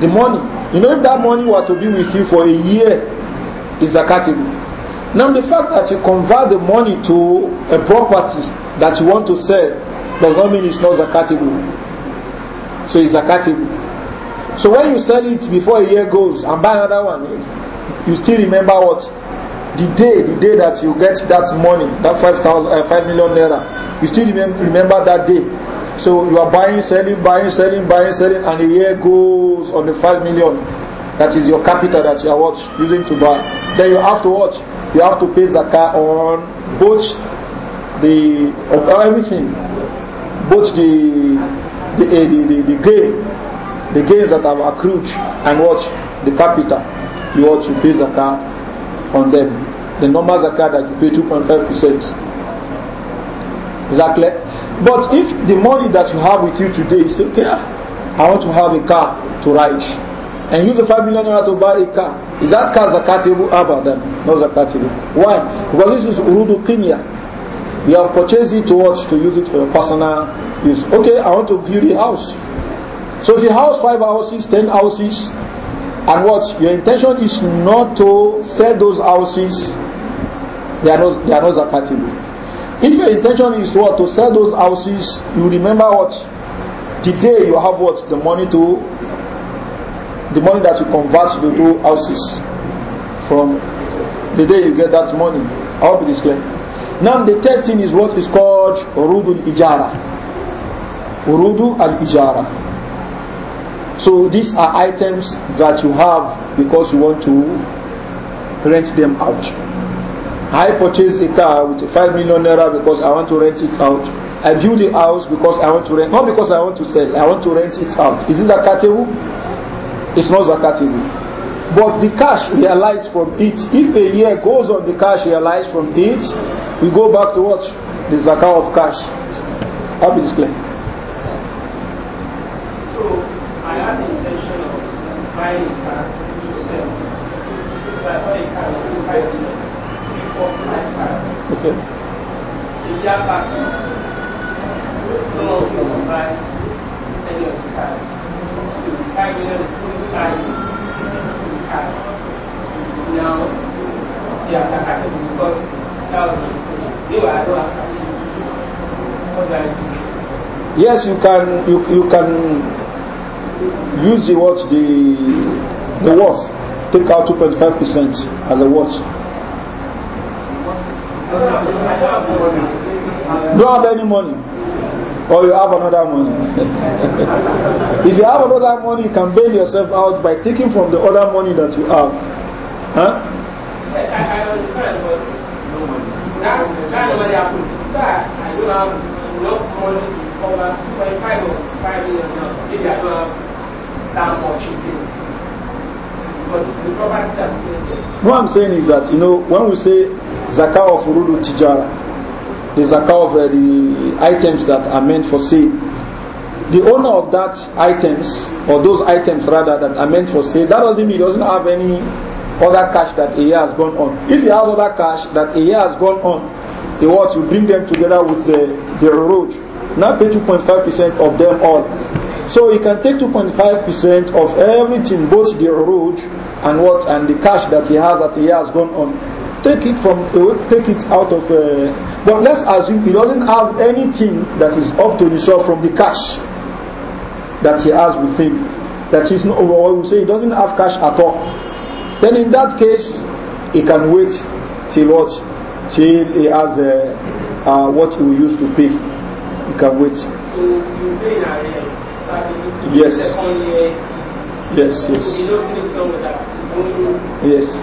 the money You know, if that money were to be with you for a year, it's zakatable. Now, the fact that you convert the money to a property that you want to sell does not mean it's not zakatable. So it's zakatable. So when you sell it before a year goes and buy another one, you still remember what the day the day that you get that money that 5,000 uh, five million naira you still remember that day So you are buying, selling, buying, selling, buying, selling, and the year goes on the five million. That is your capital that you are what? Using to buy. Then you have to what? You have to pay zakah on both the, on everything. Both the, the, eh, the, the, the gain, the gains that have accrued and what? The capital. You ought to pay zakah on them. The normal zakah that you pay two point five 2.5%. Exactly. But if the money that you have with you today is okay, ah, I want to have a car to ride, and use the five million naira to buy a car, is that car zakatable? Abadan, ah, no zakatable. Why? Because this is urudu kinya. You have purchased it to what? To use it for your personal use. Okay, I want to build a house. So if you house five houses, ten houses, and what your intention is not to sell those houses, they are not they are not zakatable. If your intention is what? To sell those houses, you remember what? The day you have what? The money to, the money that you convert to those houses from the day you get that money. I hope it is clear. Now the third thing is what is called Urudul Ijara. Urudu al Ijara. So these are items that you have because you want to rent them out. I purchased a car with five million naira because I want to rent it out. I built a house because I want to rent, not because I want to sell, I want to rent it out. Is it zakatable? It's not zakatable. But the cash realized from it, if a year goes on, the cash realized from it, we go back to what? The zakah of cash. How be explained? So, I had the intention of buying a car to sell. If I buy a car, I will buy Okay. Ìyá pàṣẹ lọ́wọ́ fún ọmọ báyìí ẹni ọ̀dún káàdì. Ṣèlú káàdì lẹ́nu fún the attacker because that would be they were adult attackers. What do I do? Yes, you can you, you can use the what the the worth take out 2.5 percent as a worth don't have any money or you have another money. if you have another money, you can bail yourself out by taking from the other money that you have. Huh? Yes, I, I understand, but no money. That's kind of what happened. It's that I don't have enough money to cover 2.5 or 5 million now. Maybe I don't have that much in things. What I'm saying is that, you know, when we say zakah of urudu tijara, the zakah of uh, the items that are meant for sale, the owner of that items, or those items rather, that are meant for sale, that doesn't mean he doesn't have any other cash that a year has gone on. If he has other cash that a year has gone on, he wants to bring them together with the, the road Now pay 2.5% of them all. So he can take 2.5% of everything, both the road and what and the cash that he has that he has gone on. Take it from, uh, take it out of. Uh, but let's assume he doesn't have anything that is up to himself from the cash that he has with him. That he's not, or we say he doesn't have cash at all. Then in that case, he can wait till what till he has uh, uh, what he used to pay. You can wait. Yes. Yes, yes. Yes.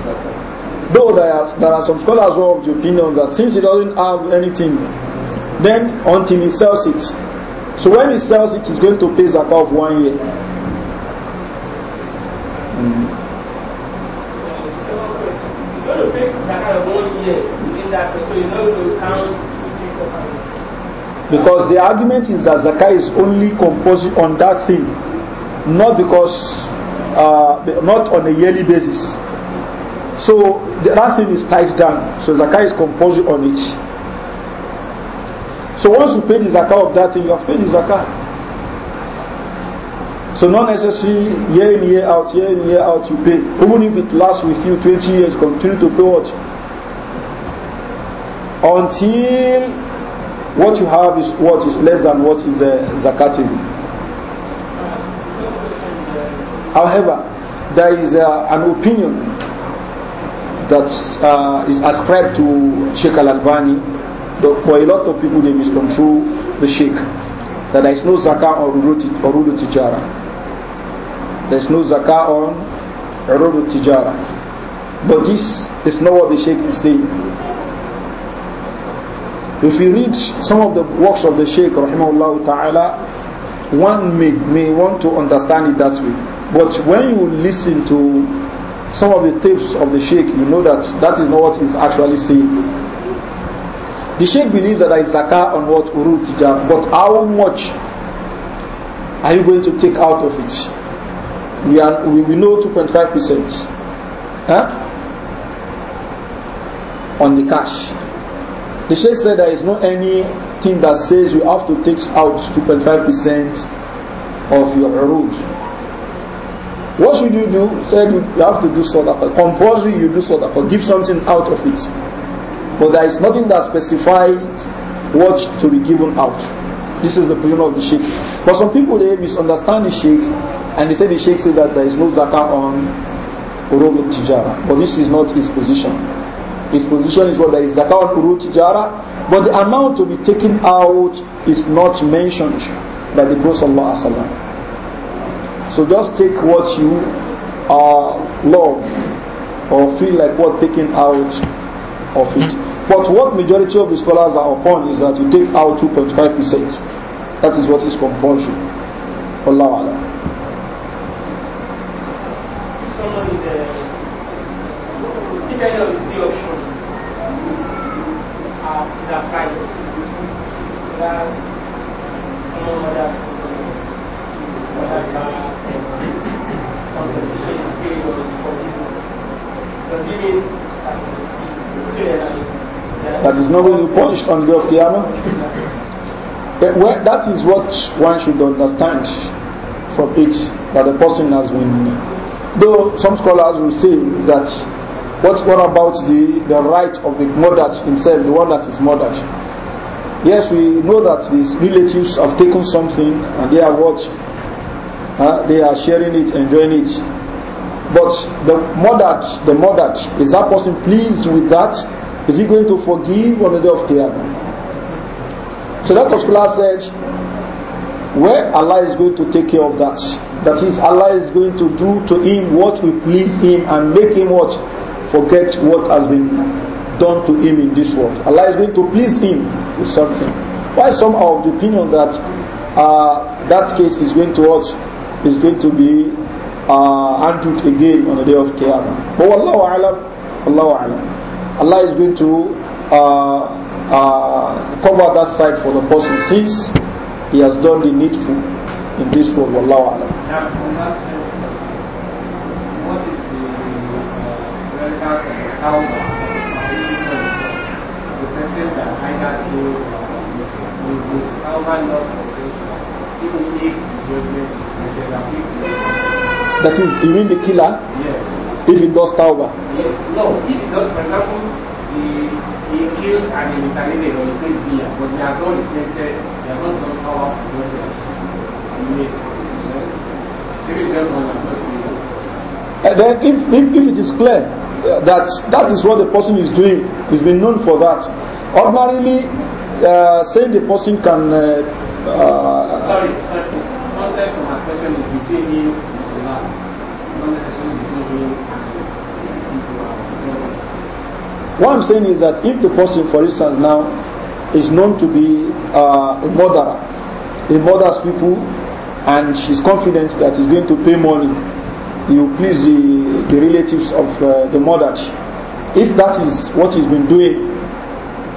Though there are, there are some scholars who are of the opinion that since he doesn't have anything, then until he sells it. So when he sells it, he's going to pay zakah of one year. Mm. Second question. going to pay zakah of one year in that, so you're not going to count Because the argument is that zakah is only composed on that thing, not because, uh, not on a yearly basis. So the that thing is tied down. So zakah is composed on it. So once you pay the zakah of that thing, you have paid the zakah. So not necessarily year in, year out, year in, year out you pay. Even if it lasts with you twenty years, continue to pay what? Until what you have is what is less than what is uh, zakatable. However, there is uh, an opinion that uh, is ascribed to Sheikh Al Albani. For a lot of people, they misconstrue the Sheikh that there is no zakah on Urudu Tijara. There is no zakah on Urudu Tijara. But this is not what the Sheikh is saying. If you read some of the works of the Shaykh rahimahullah ta'ala, one may, may want to understand it that way. But when you listen to some of the tapes of the Shaykh, you know that that is not what he's actually saying. The Shaykh believes that there is zakah on what urul tijab, but how much are you going to take out of it? We, are, we know 2.5%. Huh? On the cash. The Sheikh said there is no anything that says you have to take out 2.5% of your urud. What should you do? Said you have to do sadaqah. Compulsory you do sadaqah. Give something out of it. But there is nothing that specifies what to be given out. This is the position of the sheikh. But some people they misunderstand the sheikh and they say the sheikh says that there is no zakah on urubul tijara. But this is not his position. His position is what there is zakah on urut tijara, but the amount to be taken out is not mentioned by the Prophet sallallahu So just take what you uh, love or feel like what taking out of it. But what majority of the scholars are upon is that you take out 2.5 percent. That is what is compulsion. Allah Allah. Someone is uh, da that is not going to be punished on the day of Qiyamah? that is what one should understand from it, that the person has won. Though some scholars will say that what, what about the, the right of the murdered himself, the one that is murdered? Yes, we know that his relatives have taken something and they are what? Uh, they are sharing it, enjoying it. But the murdered, the murdered, is that person pleased with that? Is he going to forgive on the day of Qiyamah? So that was said, where Allah is going to take care of that. That is, Allah is going to do to him what will please him and make him what forget what has been done to him in this world. Allah is going to please him with something. Why some are of the opinion that uh, that case is going to what is going to be uh, handled again on the day of Qiyamah. But Allah alam, Allah alam, Allah is going to uh, uh, cover that side for the person since he has done the needful in this world. Allah alam. how that is even the you mean the killer? Yes. If he does tawbah? Yes. No, if does, for example, he, he killed an he retaliated or he killed beer, but he has not repented, he has not done tawbah for judgment. He is, you know, so just one and just And then if, if, if it is clear that that is what the person is doing. He's been known for that. Ordinarily, uh, saying the person can. Uh, uh, sorry, sorry. Context of my question is between him and the man, not necessarily between What I'm saying is that if the person, for instance, now is known to be uh, a murderer, he murders people, and she's confident that he's going to pay money you please the, the relatives of uh, the murdered. If that is what he's been doing,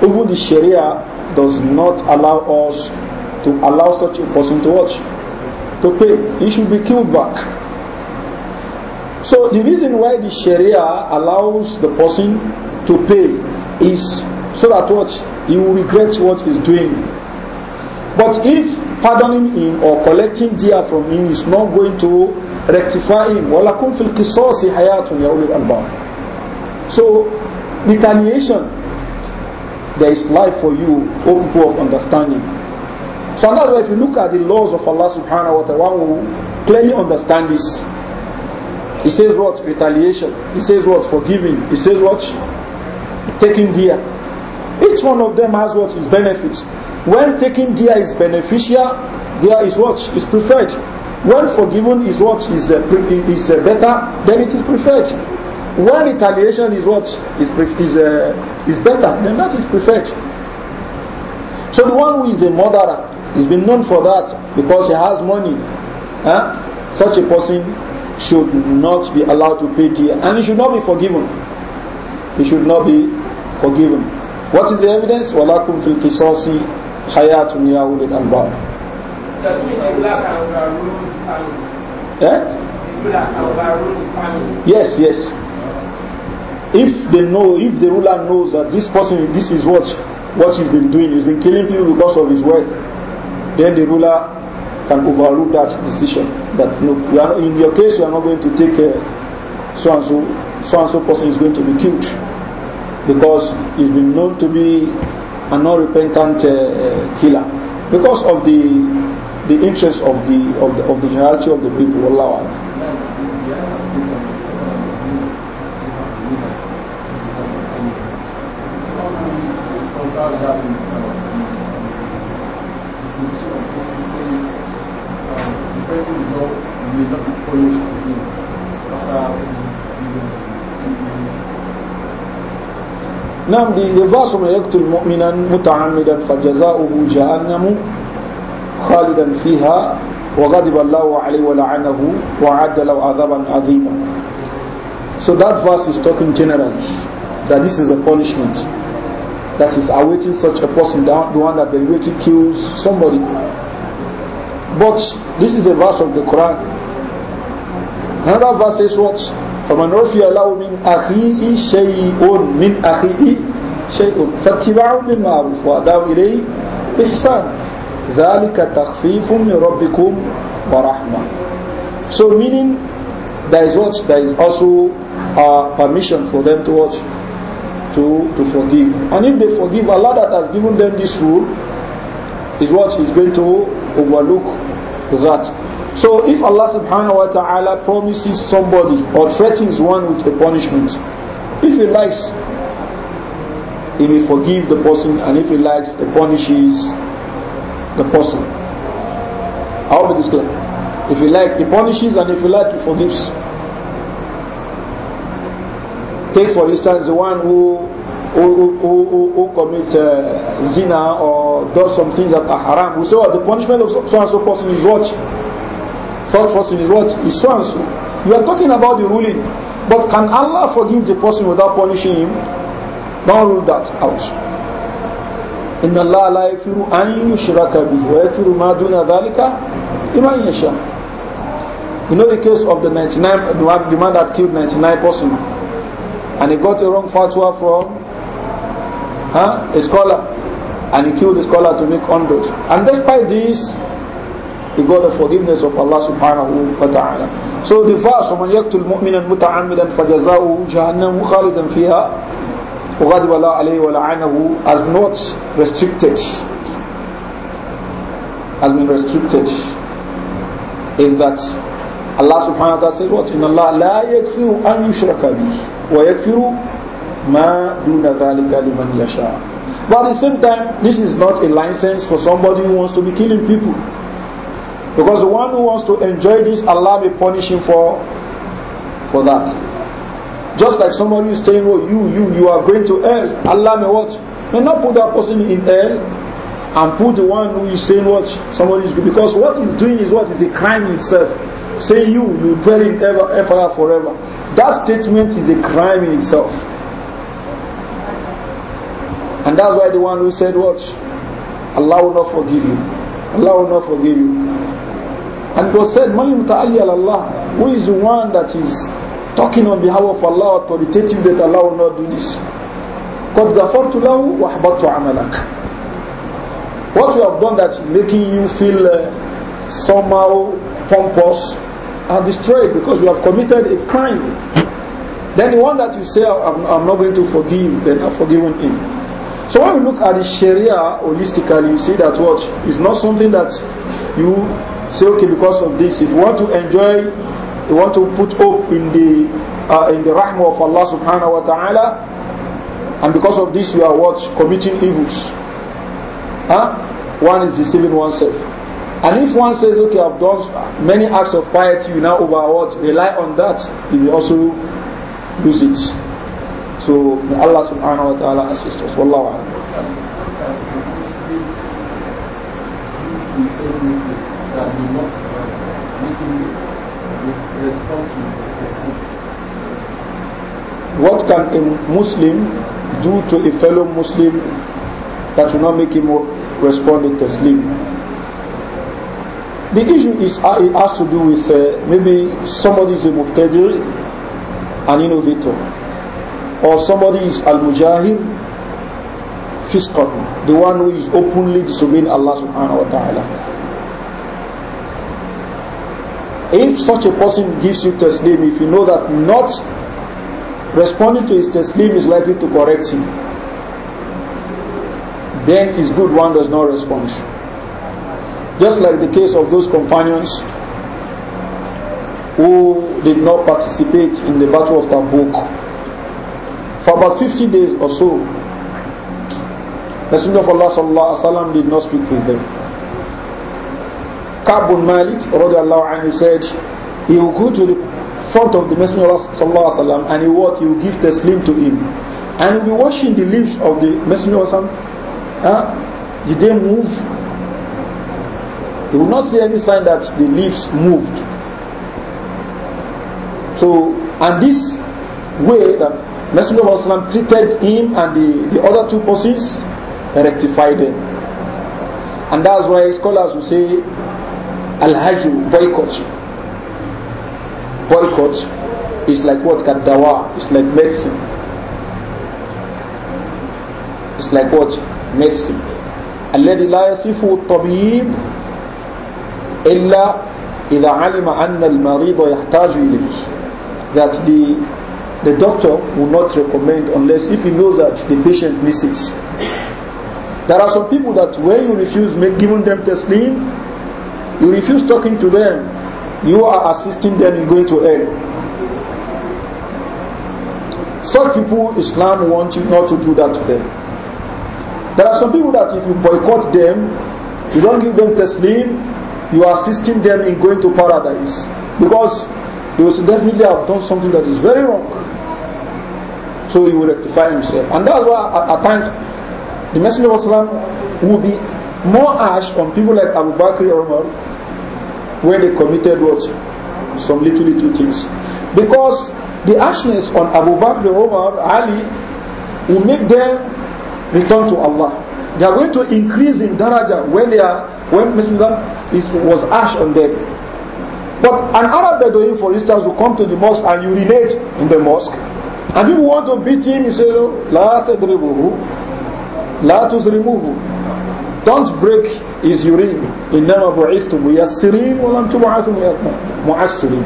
even the Sharia does not allow us to allow such a person to watch, to pay. He should be killed back. So the reason why the Sharia allows the person to pay is so that what he will regret what he's doing. But if pardoning him or collecting dia from him is not going to rectifying him walakum fil qisasi hayatun ya ulil albab so retaliation there is life for you o people of understanding so another way if you look at the laws of Allah subhanahu wa ta'ala one will clearly understand this he says what retaliation he says what forgiving he says what taking dear each one of them has what his benefits when taking dear is beneficial dear is what is preferred When forgiven is what is, uh, is uh, better, then it is preferred. When retaliation is what is, is, uh, is better, then that is preferred. So the one who is a murderer is been known for that because he has money. Huh? Such a person should not be allowed to pay dear and he should not be forgiven. He should not be forgiven. What is the evidence? وَلَكُمْ فِي الْقِصَاصِ حَيَاتٌ يَا أُولِي الْأَلْبَابِ Eh? Yes, yes. If they know, if the ruler knows that this person, this is what what he's been doing, he's been killing people because of his wealth, then the ruler can overrule that decision. That you know, are, in your case, you are not going to take so and so, so and so person is going to be killed because he's been known to be an unrepentant uh, killer because of the the interest of the of the, of the generality of the people. Allah. نعم دي فاسم يقتل مؤمنا متعمدا فجزاؤه جهنم خالدا فيها وغضب الله عليه ولعنه وعد له عذابا عظيما so that verse is talking generally that this is a punishment that is awaiting such a person the one that deliberately kills somebody but this is a verse of the quran another verse says what فمن رفي له من أخيه شيء من أخيه شيء فاتباع بالمعروف وأداء إليه بإحسان ذَلِكَ تخفيف من ربكم وَرَحْمَةٌ So meaning, there is what? There is also a uh, permission for them to watch, to, to forgive. And if they forgive, Allah that has given them this rule, is what is going to overlook that. So if Allah subhanahu wa ta'ala promises somebody or threatens one with a punishment, if he likes, he may forgive the person, and if he likes, he punishes the person. I hope it is clear. If you like, he punishes, and if you like, he forgives. Take, for instance, the one who who, who, who, who commit uh, zina or does some things that are haram. We say, well, the punishment of so and so person is what? Such person is what? Is so and so. You are talking about the ruling. But can Allah forgive the person without punishing him? Don't rule that out. إن الله لا yaghfiru an yushraka bihi wa ما دون ذلك dhalika liman you know the case of the 99 the man that killed 99 person and he got a wrong fatwa from huh, a scholar and he killed the scholar to make hundreds and despite this he got the forgiveness of Allah subhanahu wa ta'ala so the verse وَمَنْ يَقْتُلْ مُؤْمِنًا مُتَعَمِّدًا فَجَزَاؤُهُ جَهَنَّمُ خَالِدًا فِيهَا غضب الله عليه ولعنه has not restricted has been restricted in that Allah subhanahu wa ta'ala said what? Allah la yakfiru an أن يشرك به ويكفر ما دون ذلك لمن يشاء But at the same time, this is not a license for somebody who wants to be killing people. Because the one who wants to enjoy this, Allah may punish him for, for that. Just like somebody is saying, oh, you, you, you are going to hell. Allah may what? May not put that person in hell and put the one who is saying what somebody is Because what he's doing is what is a crime itself. Say you, you dwell in ever, ever, forever. That statement is a crime in itself. And that's why the one who said what? Allah will not forgive you. Allah will not forgive you. And God said, Man Allah, who is the one that is talking on behalf of Allah, authoritative that Allah will not do this. قَدْ غَفَرْتُ لَهُ وَأَحْبَطْتُ عَمَلَكَ What you have done that's making you feel uh, somehow pompous and destroyed because you have committed a crime. Then the one that you say, I'm, I'm not going to forgive, then I've forgiven him. So when we look at the Sharia holistically, you see that what is not something that you say, okay, because of this. If you want to enjoy you want to put hope in the uh, in the rahmah of Allah subhanahu wa ta'ala and because of this you are what committing evils huh? one is deceiving oneself and if one says okay I've done many acts of piety you now over what rely on that you will also lose it so may Allah subhanahu wa ta'ala assist us wallahu a'lam What can a Muslim do to a fellow Muslim that will not make him respond to Taslim? The issue is uh, it has to do with uh, maybe somebody is a Muqtadir, an innovator, or somebody is al mujahid Fisqan, the one who is openly disobeying Allah subhanahu wa ta'ala. If such a person gives you taslim, if you know that not responding to his taslim is likely to correct him, then his good one does not respond. Just like the case of those companions who did not participate in the Battle of Tabuk. For about 50 days or so, Messenger of Allah sallallahu did not speak with them. Ka'b bin Malik anhu, said, he will go to the front of the Messenger of Allah sallam, and he will, He will give taslim to him. And he will be washing the leaves of the Messenger of Allah. Huh? Did they move? He will not see any sign that the leaves moved. So, and this way that Messenger of Allah treated him and the, the other two persons, rectified them. And that's why scholars will say al boycott. Boycott is like what? Kadawa. is like medicine. It's like what? Medicine. الذي لا يصفه الطبيب إلا إذا علم أن المريض يحتاج إليه that the the doctor will not recommend unless if he knows that the patient needs it. There are some people that when you refuse make, giving them testing, You refuse talking to them, you are assisting them in going to hell. Such people, Islam wants you not to do that to them. There are some people that if you boycott them, you don't give them taslim, you are assisting them in going to paradise. Because you definitely have done something that is very wrong. So he will rectify himself. And that's why at, at times the Messenger of Islam will be more ash on people like Abu Bakr or when they committed what? Some little, little things. Because the harshness on Abu Bakr, Umar, Ali will make them return to Allah. They are going to increase in daraja when they are when Messenger is, was ash on them. But an Arab Bedouin, for instance, will come to the mosque and urinate in the mosque. And people want to beat him, you say, La tadribuhu, la Don't break his urine. إِنَّمَا بُعِثْتُ مُيَسِّرِينَ وَلَمْ تُبْعَثُ مُعَسِّرِينَ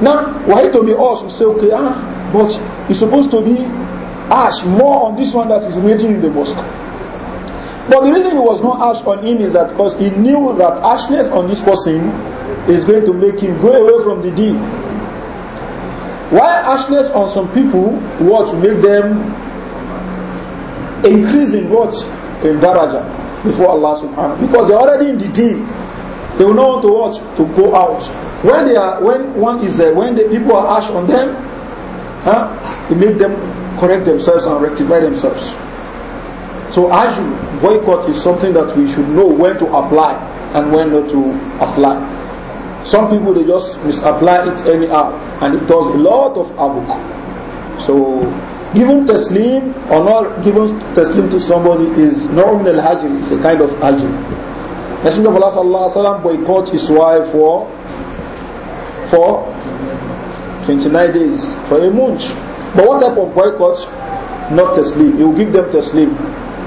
Now, why to be us? We say, okay, ah, but it's supposed to be ash more on this one that is waiting in the mosque. But the reason it was not ash on him is that because he knew that ashness on this person is going to make him go away from the deen. Why ashness on some people what to make them increase in what? In daraja before Allah subhanahu because they're already in the deen. They will not want to watch to go out. When they are when one is uh, when the people are ash on them, huh, it make them correct themselves and rectify themselves. So as you boycott is something that we should know when to apply and when not to apply. Some people they just misapply it anyhow and it does a lot of havoc. So Giving taslim or not giving taslim to somebody is not al hajj, it's a kind of hajj. Messenger of Allah sallallahu boycott his wife for for 29 days, for a month. But what type of boycott? Not taslim. He will give them taslim.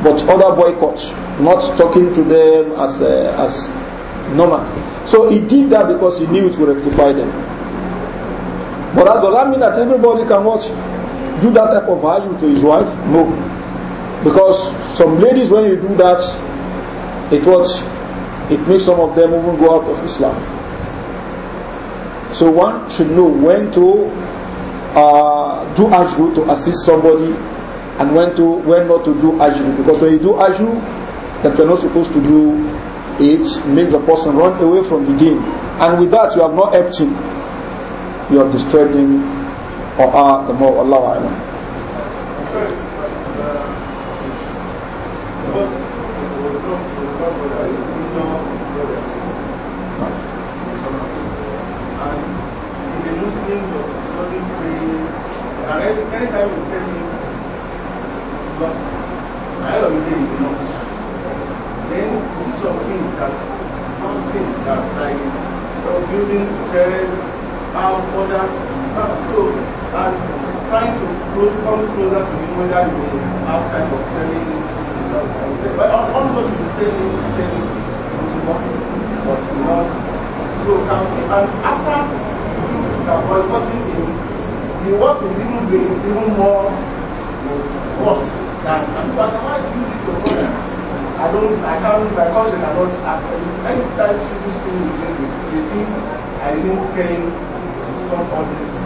But other boycotts, not talking to them as uh, as normal. So he did that because he knew it would rectify them. But that does that mean that everybody can watch? do that type of value to his wife? No. Because some ladies, when you do that, it was It makes some of them even go out of Islam. So one should know when to uh, do ajru to assist somebody and when to when not to do ajru. Because when you do ajru that you're not supposed to do, it makes the person run away from the deen. And with that you have not helped him, you have disturbed him or are the more Allah Alam. And is a Muslim doesn't pray. And anytime you tell him, it's not. I don't believe Then these are things that, not things that like building chairs, how other So, and trying to close, come closer to him whether you outside of telling this is not But all those you tell him, tell him was not, was not. So, can we, and after you have boycotting him, the what is even doing is even more worse than, and because why do you leave your brothers? I don't, I can't, my conscience cannot act. Anytime people see me, they think I didn't tell him to stop all this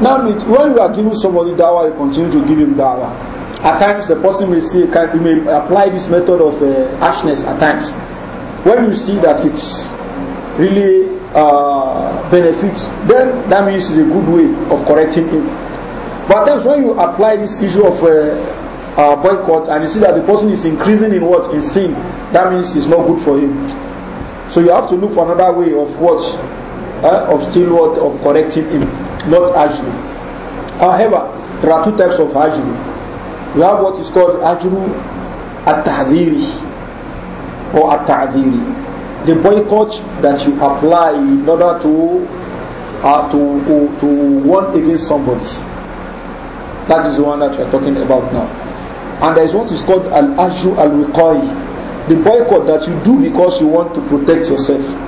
Now, when you are giving somebody dawah, you continue to give him dawah. At times, the person may see, you may apply this method of uh, harshness at times. When you see that it's really uh, benefits, then that means it's a good way of correcting him. But at times, when you apply this issue of uh, uh, boycott and you see that the person is increasing in what? In sin, that means it's not good for him. So you have to look for another way of what? Uh, of still what? Of correcting him not ajru. However, there are two types of ajru. We have what is called ajru at-tahdhiri or at-ta'dhiri. The boycott that you apply in order to uh, to, to, to warn against somebody. That is the one that we are talking about now. And there is what is called al-ajru al-wiqai. The boycott that you do because you want to protect yourself.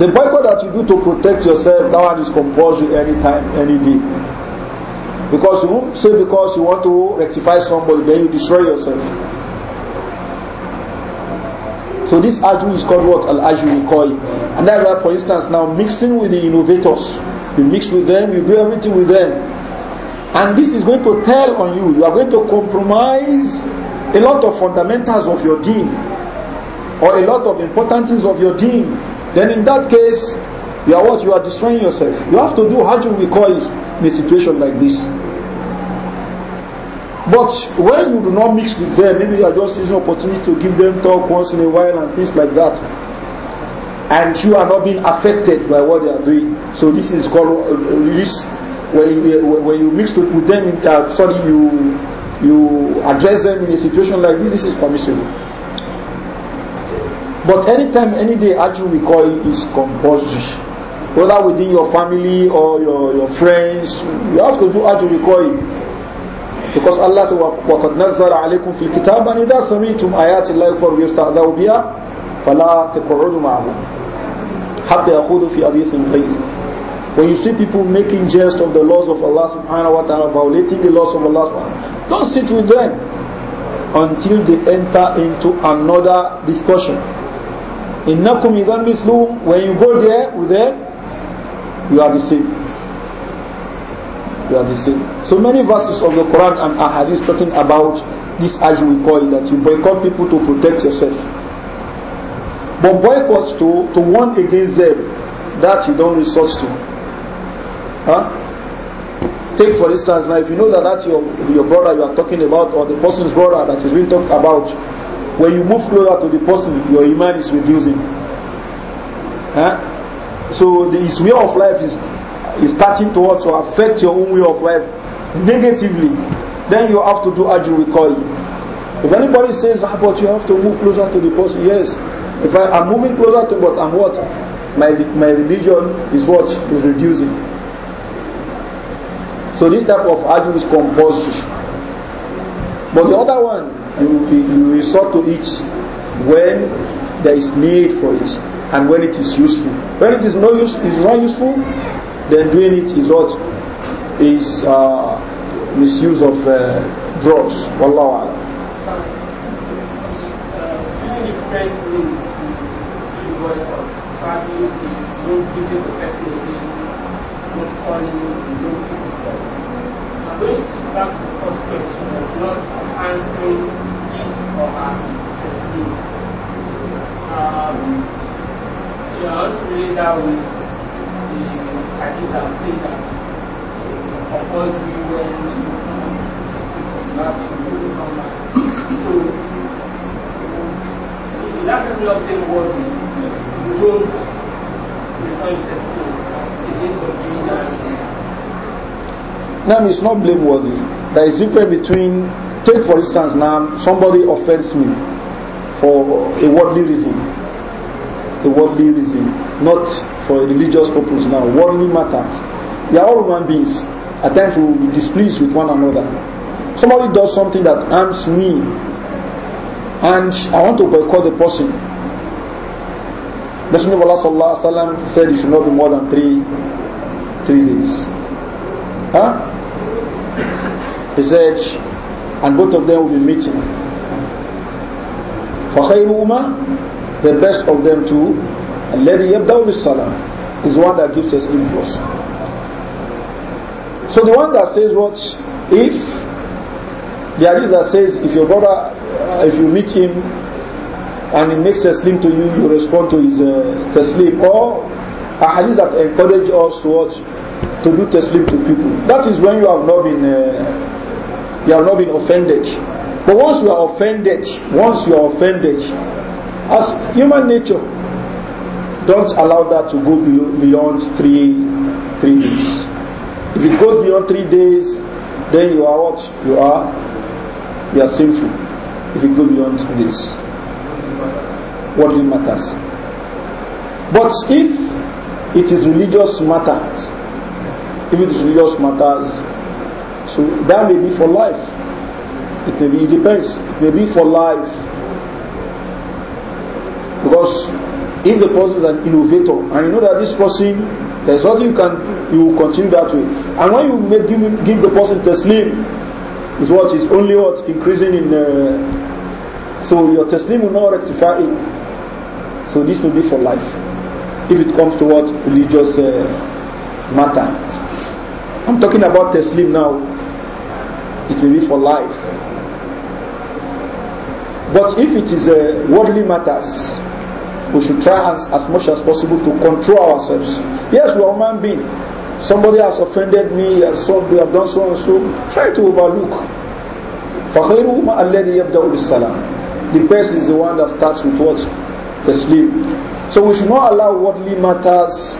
The boycott that you do to protect yourself, that one is compulsory anytime, any day. Because you won't say because you want to rectify somebody, then you destroy yourself. So this ajru is called what? Al-ajru koi. And that's why, for instance, now mixing with the innovators. You mix with them, you do everything with them. And this is going to tell on you. You are going to compromise a lot of fundamentals of your deen or a lot of importances of your deen then in that case, you are what? You are destroying yourself. You have to do hajj it in a situation like this. But when you do not mix with them, maybe you are just using opportunity to give them talk once in a while and things like that. And you are not being affected by what they are doing. So this is called uh, this when you, when you mix with them. Uh, sorry, you you address them in a situation like this. This is permissible. But anytime, any day, actually, we call it is compulsory. Whether within your family or your, your friends, you have to do actually call it. Because Allah said, وَقَدْ نَزَّلَ fil فِي الْكِتَابِ أَنْ إِذَا سَمِعْتُمْ آيَاتِ اللَّهِ فَرْيُسْتَعْذَوْا بِهَا فَلَا تَقْعُدُوا مَعَهُمْ حَتَّى يَخُوضُوا فِي حَدِيثٍ غَيْرِ When you see people making jest of the laws of Allah subhanahu wa ta'ala, violating the laws of Allah subhanahu wa ta'ala, don't sit with them until they enter into another discussion. Innakum idhan mithluhum. When you go there with them, you are the same. You are the same. So many verses of the Quran and Ahadith talking about this as we call it, that you boycott people to protect yourself. But boycott to, to warn against them, that you don't resort to. Huh? Take for instance, now if you know that that your, your brother you are talking about or the person's brother that is being talked about, When you move closer to the person, your iman is reducing. Huh? So the, his way of life is, is starting to, also affect your own way of life negatively. Then you have to do ajru recall. If anybody says, ah, but you have to move closer to the person, yes. If I, am moving closer to, but I'm what? My, my religion is what? Is reducing. So this type of ajru is compulsory. But the other one, you, you resort to it when there is need for it and when it is useful. When it is not, use, is not useful, then doing it is what is uh, misuse of uh, drugs. Wallahu alam. I'm going to back the first question, not answering his or her Um, you know, to relate that with the hadith that say that it's compulsory when someone is to move on that. So, in that person of the world, you don't return worthy. as a Nam is not blameworthy. There is difference between Take for instance now, somebody offends me for a worldly reason. A worldly reason, not for a religious purpose now. Worldly matters. We are all human beings. At times we will be displeased with one another. Somebody does something that harms me and I want to boycott the person. The Sunnah of Allah sallallahu alaihi wasallam said it should not be more than three, three days. Huh? He said and both of them will be meeting. فَخَيْرُهُمَا The best of them too, الَّذِي يَبْدَوْ بِالسَّلَامِ is the one that gives us influence. So the one that says what, if, the hadith that says if your brother, uh, if you meet him and he makes a Taslim to you, you respond to his uh, Taslim. Or a hadith that encourage us to what, to do Taslim to people. That is when you have not been uh, you have not been offended. But once you are offended, once you are offended, as human nature, don't allow that to go beyond three three days. If it goes beyond three days, then you are what? You are you are sinful. If it goes beyond this, what really matters? But if it is religious matters, if it is religious matters, So that may be for life. It may be, it depends. It may be for life. Because if the person is an innovator and you know that this person, there's nothing you can do, you will continue that way. And when you make, give, give the person teslim, is what is only what increasing in. Uh, so your teslim will not rectify it. So this will be for life. If it comes to what religious uh, matter. I'm talking about teslim now it will be for life. But if it is uh, worldly matters, we should try as, as much as possible to control ourselves. Yes, we are human beings. Somebody has offended me, has somebody they have done so and so. Try to overlook. فَخَيْرُهُمَا الَّذِي يَبْدَأُ بِالسَّلَامِ The best is the one that starts with what? The sleep. So we should not allow worldly matters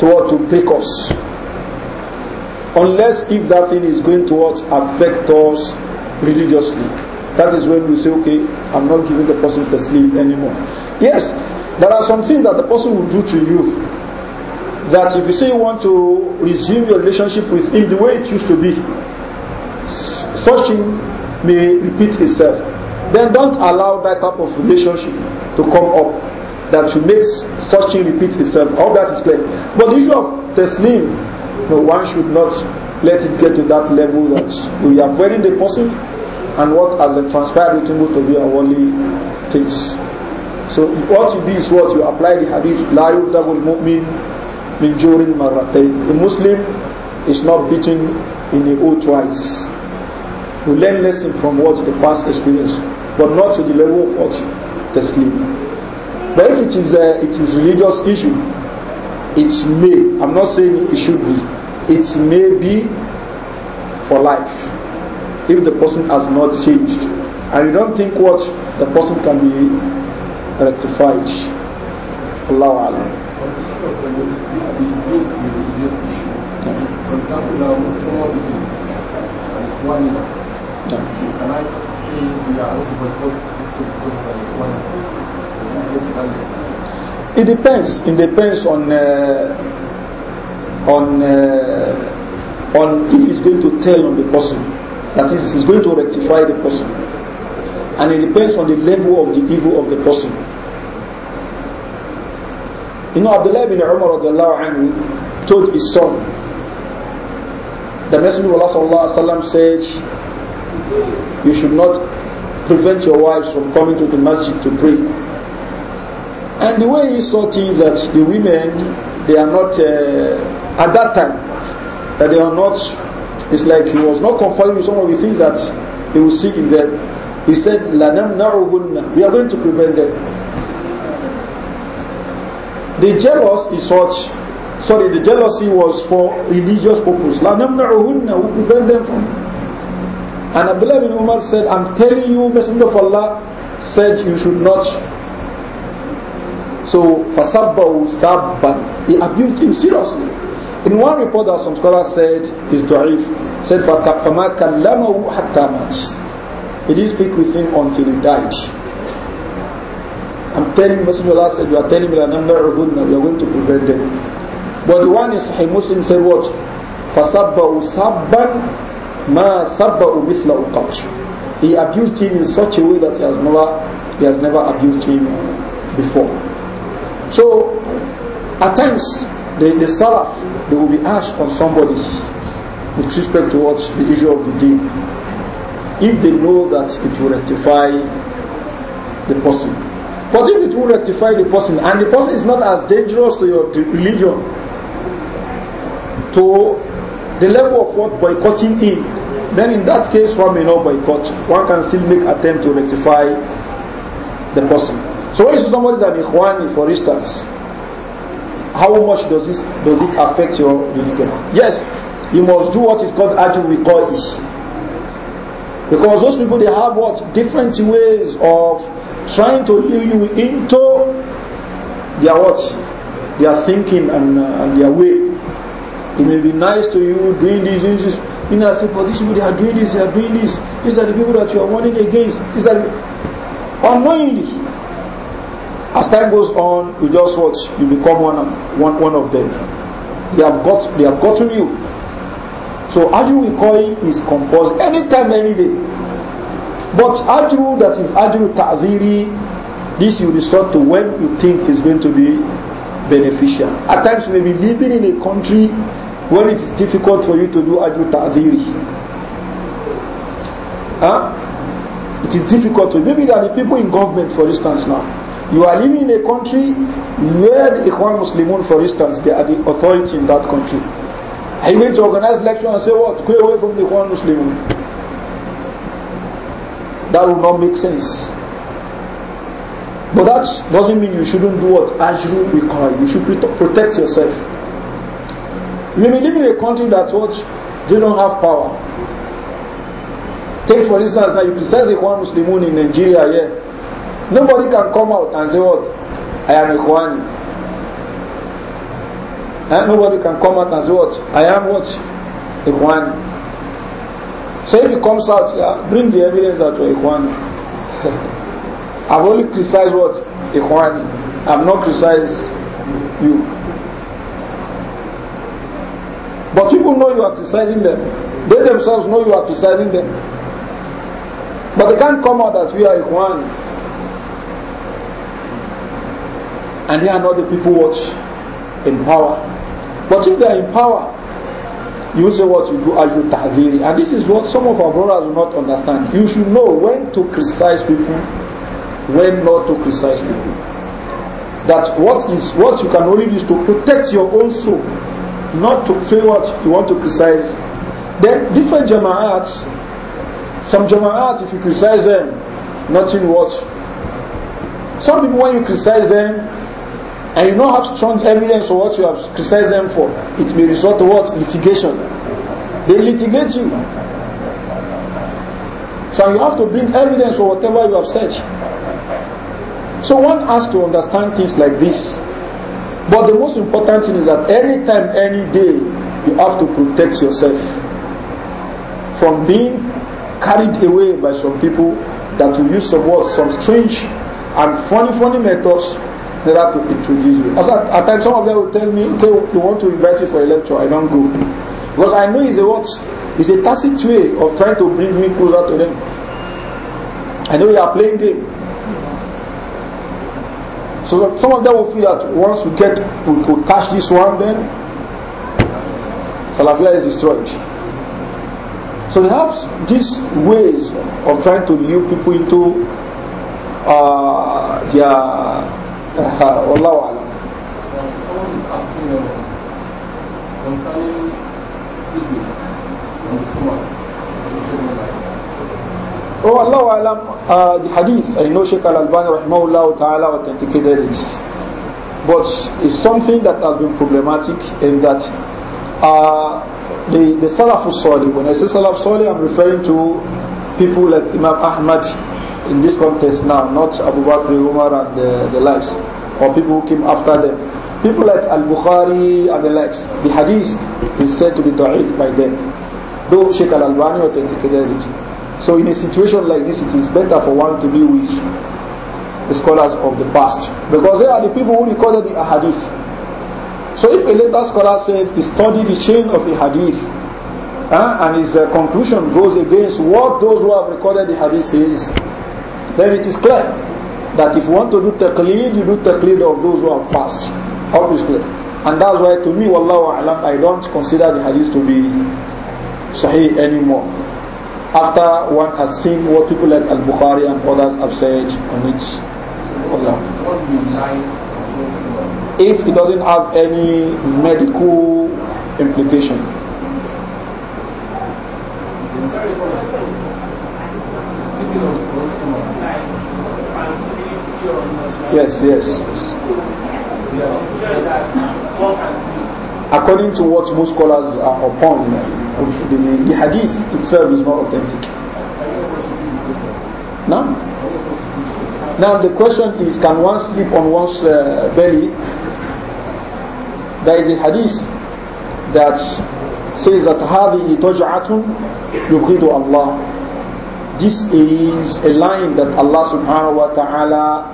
to, to break us. Unless if that thing is going to what affect us religiously. That is when we say, okay, I'm not giving the person to sleep anymore. Yes, there are some things that the person will do to you that if you say you want to resume your relationship with him the way it used to be, such thing may repeat itself. Then don't allow that type of relationship to come up that should make such thing repeat itself. All that is clear. But the issue of Teslim No, one should not let it get to that level that we are avoiding the person and what has transpired between both of you are only things. So what you do is what you apply the hadith لا يبدأ المؤمن من جور مرتين. The Muslim is not beaten in a hole twice. We learn lesson from what the past experience, but not to the level of what the sleep. But if it is a, uh, it is religious issue, It may, I'm not saying it should be, it may be for life if the person has not changed. And you don't think what the person can be rectified. Allah Alam. For example, now someone is in one year. Can I say also this because it's It depends. It depends on uh, on uh, on if it's going to tell on the person. That is, it's going to rectify the person, and it depends on the level of the evil of the person. You know, Abdullah bin Umar anhu told his son, the Messenger of Allah said, You should not prevent your wives from coming to the masjid to pray. And the way he saw things that the women, they are not, uh, at that time, that they are not, it's like he was not conforming with some of the things that he will see in them. He said, لَنَمْنَعُهُنَّ We are going to prevent them. The jealous is such, sorry, the jealousy was for religious purpose. na'uhunna, We prevent them from and Abdullah bin Umar said, I'm telling you, Messenger of Allah said you should not so فَسَبَّهُ سَبًّا He abused him seriously. In one report that some scholars said is da'if, said فَمَا كَلَّمَهُ حَتَّى He didn't speak with him until he died. I'm telling you, Messenger Allah said, you are telling me that I'm not a Uhudna, we are going to prevent them. But the one is Sahih Muslim said what? فَسَبَّهُ سَبًّا مَا سَبَّهُ مِثْلَهُ قَبْشُ He abused him in such a way that he has never, he has never abused him before. So, at times, the, the salaf, they will be asked on somebody with respect towards the issue of the deen. If they know that it will rectify the person. But if it will rectify the person, and the person is not as dangerous to your religion, to the level of what boycotting in, then in that case one may not boycott. One can still make attempt to rectify the person. So when you see somebody is an Ikhwani, for instance, how much does this does it affect your religion? Yes, you must do what is called Aju Wiqa'i. Because those people they have what different ways of trying to lure you into their what their thinking and, uh, and their way. It may be nice to you doing these things. You know, I say, but these people they are doing this, they are doing this. These are the people that you are warning against. These are unknowingly As time goes on, you just watch, you become one, one, one of them. They have got, they have gotten you. So adu ikoyi is composed anytime, any day. But adu that is adu Ta'ziri, this you resort to when you think is going to be beneficial. At times you may be living in a country where it is difficult for you to do adu Ta'ziri. Huh? It is difficult to, maybe there are the people in government for instance now You are living in a country where the Ikhwan Muslimun, for instance, they are the authority in that country. Are you going to organize lecture and say what? Go away from the Ikhwan Muslimun. That will not make sense. But that doesn't mean you shouldn't do what Ajru require. You should protect yourself. You may live in a country that what they don't have power. Take for instance, now you criticize Ikhwan Muslimun in Nigeria here. Yeah. Nobody can come out and say what? I am Ikhwani. And nobody can come out and say what? I am what? Ikhwani. So if he comes out, yeah, bring the evidence that you're Ikhwani. [laughs] I've only criticized what? Ikhwani. I've not criticized you. But people know you are criticizing them. They themselves know you are criticizing them. But they can't come out that we are Ikhwani. and they are not the people watch in power. But if they are in power, you say what you do as you taviri. And this is what some of our brothers will not understand. You should know when to criticize people, when not to criticize people. That what is what you can only do is to protect your own soul, not to say what you want to criticize. Then different jama'ats, some jama'ats, if you criticize them, nothing what. Some people when you criticize them, and you don't have strong evidence for what you have criticized them for, it may result to what? Litigation. They litigate you. So you have to bring evidence for whatever you have said. So one has to understand things like this. But the most important thing is that any time, any day, you have to protect yourself from being carried away by some people that will use some words, some strange and funny, funny methods never to introduce you. As at, at times, some of them will tell me, okay, we want to invite you for a lecture. I don't go because I know it's a what It's a tacit way of trying to bring me closer to them. I know you are playing game. So some of them will feel that once we get we could catch this one, then Salafia is destroyed. So they have these ways of trying to lure people into uh, their Uh, Wallahu alam. Oh, Allah alam, uh, the hadith, I know ta'ala it. But it's something that has been problematic in that uh, the, the Salafus Salih, when I say Salaf Salih, I'm referring to people like Imam Ahmad, in this context now, not Abu Bakr, Umar and the, the likes, or people who came after them. People like Al-Bukhari and the likes, the hadith is said to be da'if by them, though Sheikh Al-Albani authenticated it. So in a situation like this, it is better for one to be with the scholars of the past, because they are the people who recorded the hadith. So if a later scholar said he studied the chain of a hadith, uh, and his uh, conclusion goes against what those who have recorded the hadith says, then it is clear that if you want to do taqlid, you do taqlid of those who have passed. Obviously. And that's why to me, wallahu alam, I don't consider the hadith to be sahih anymore. After one has seen what people like Al-Bukhari and others have said on it. Allah. If it doesn't have any medical implication. Speaking of Yes, yes, yes. According to what most scholars are upon, the, the, the hadith itself is not authentic. Now, now the question is, can one sleep on one's uh, belly? There is a hadith that says that هذه تجعة يبغض Allah This is a line that Allah subhanahu wa ta'ala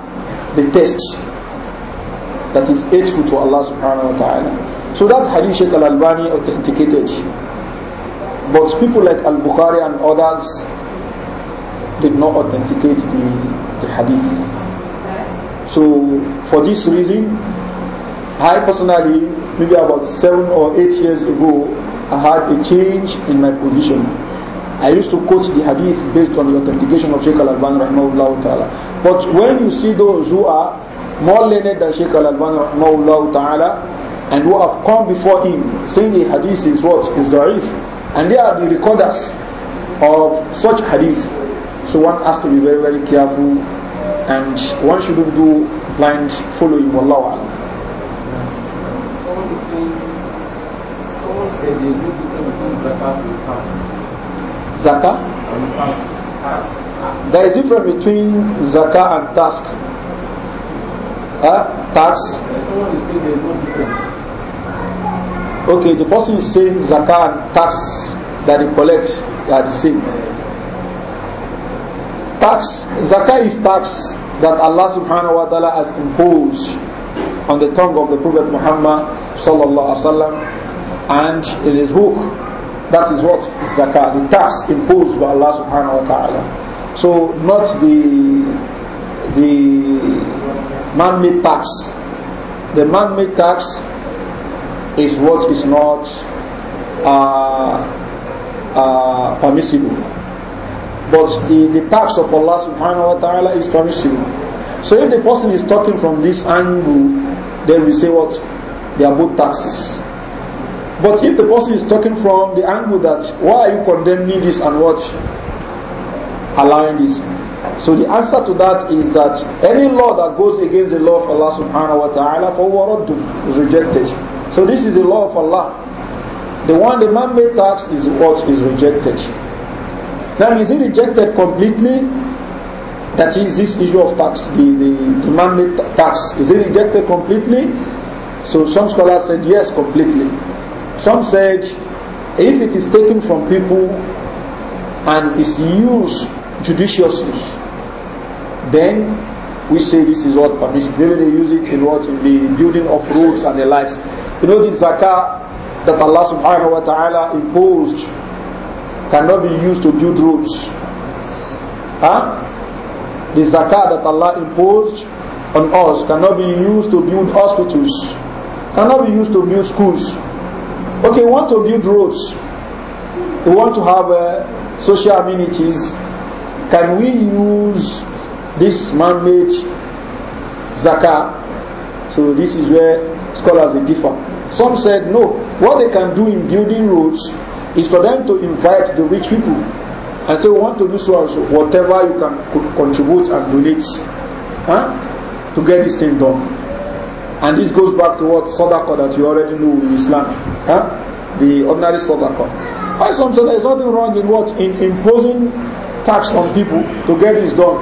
detests. That is hateful to Allah subhanahu wa ta'ala. So that hadith Sheikh al-Albani authenticated. But people like al-Bukhari and others did not authenticate the, the hadith. So for this reason, I personally, maybe about seven or eight years ago, I had a change in my position I used to quote the hadith based on the authentication of Sheikh Al-Alban rahimahullah ta'ala. But when you see those who are more learned than Sheikh Al-Alban rahimahullah ta'ala and who have come before him saying the hadith is what? Is da'if. And they are the recorders of such hadith. So one has to be very very careful and one shouldn't do blind following Wallahu Someone is saying, someone said there's no difference between zakat and zakah? There is difference between zakah and tax. Uh, tax. Someone is saying there is no difference. Okay, the person is saying zakah and tax that he collects are the same. Tax, zakah is tax that Allah subhanahu wa ta'ala has imposed on the tongue of the Prophet Muhammad sallallahu alaihi wasallam and in his book That is what? Zakah, the tax imposed by Allah subhanahu wa ta'ala. So not the the man-made tax. The man-made tax is what is not uh, uh, permissible. But the, the tax of Allah subhanahu wa ta'ala is permissible. So if the person is talking from this angle, then we say what? They are both taxes. But if the person is talking from the angle that why are you condemning this and what allowing this? So the answer to that is that any law that goes against the law of Allah subhanahu wa ta'ala for is rejected. So this is the law of Allah. The one the man-made tax is what is rejected. Now is it rejected completely? That is this issue of tax, the, the, the man-made tax. Is it rejected completely? So some scholars said yes completely. Some said if it is taken from people and is used judiciously, then we say this is what permission. Maybe they use it in what in the building of roads and the likes. You know the zakah that Allah subhanahu wa ta'ala imposed cannot be used to build roads. Huh? The zakah that Allah imposed on us cannot be used to build hospitals, cannot be used to build schools, Okay, we want to build roads. We want to have uh, social amenities. Can we use this man-made zakah? So this is where scholars differ. Some said no. What they can do in building roads is for them to invite the rich people and say, so we want to do so and so. Whatever you can contribute and donate huh, to get this thing done. And this goes back to what sadaqah that you already know in Islam. Huh? The ordinary sadaqah. Why some say there is nothing wrong in what? In imposing tax on people to get this done.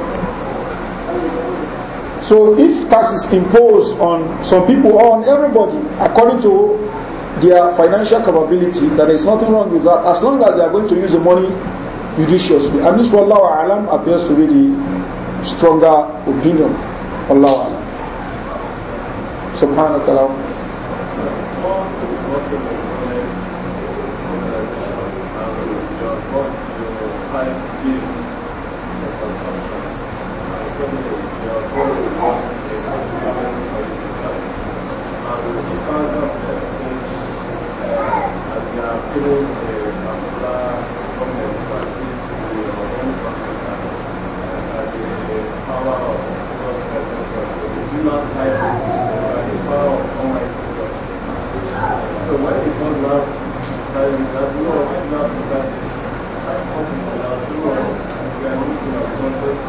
So if tax is imposed on some people or on everybody according to their financial capability, there is nothing wrong with that as long as they are going to use the money judiciously. And this, Wallahu Alam, appears to be the stronger opinion. Allahu سبحانك اللهم Thank you. So when it's not love, that no, i not that we are our concept,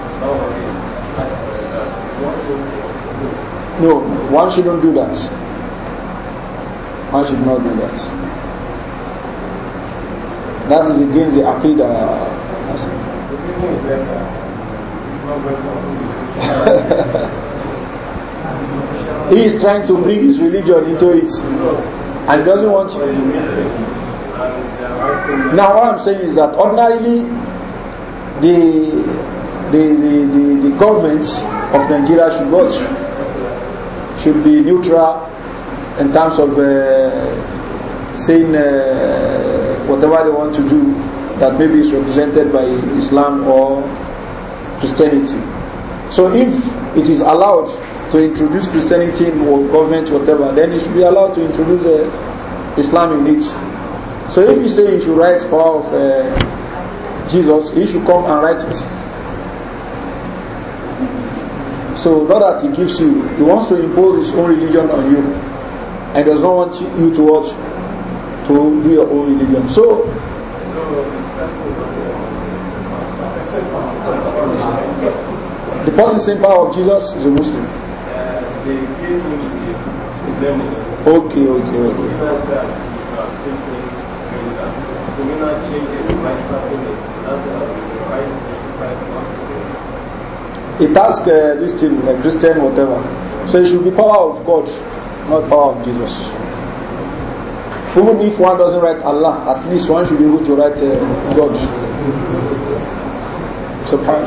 one should No, one shouldn't do that. One should not do that. That is against the Aqidah. [laughs] he is trying to bring his religion into it. and doesn't want you. Now, what I'm saying is that ordinarily, the the the, the, the governments of Nigeria should watch, should be neutral in terms of uh, saying uh, whatever they want to do that maybe is represented by Islam or Christianity. So, if it is allowed to introduce Christianity in government, whatever, then you should be allowed to introduce uh, Islam in it. So if you say you should write power of uh, Jesus, he should come and write it. So not that he gives you, he wants to impose his own religion on you and does not want you to watch to do your own religion. So the person saying power of Jesus is a Muslim. Okay, okay, okay. It asks uh, this thing, like Christian, whatever. So it should be power of God, not power of Jesus. Even if one doesn't write Allah, at least one should be able to write uh, God. So So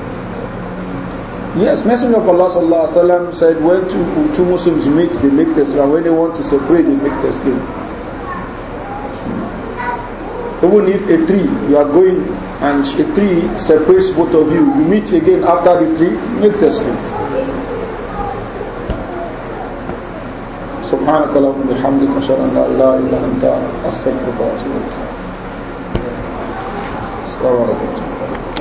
Yes, Messenger of Allah sallallahu alaihi wasallam said when two, two Muslims meet, they make taslim. When they want to separate, they make taslim. Even if a tree, you are going and a tree separates both of you, you meet again after the tree, make taslim. سبحانك اللهم وبحمدك اشهد ان لا اله الا انت استغفرك واتوب اليك السلام عليكم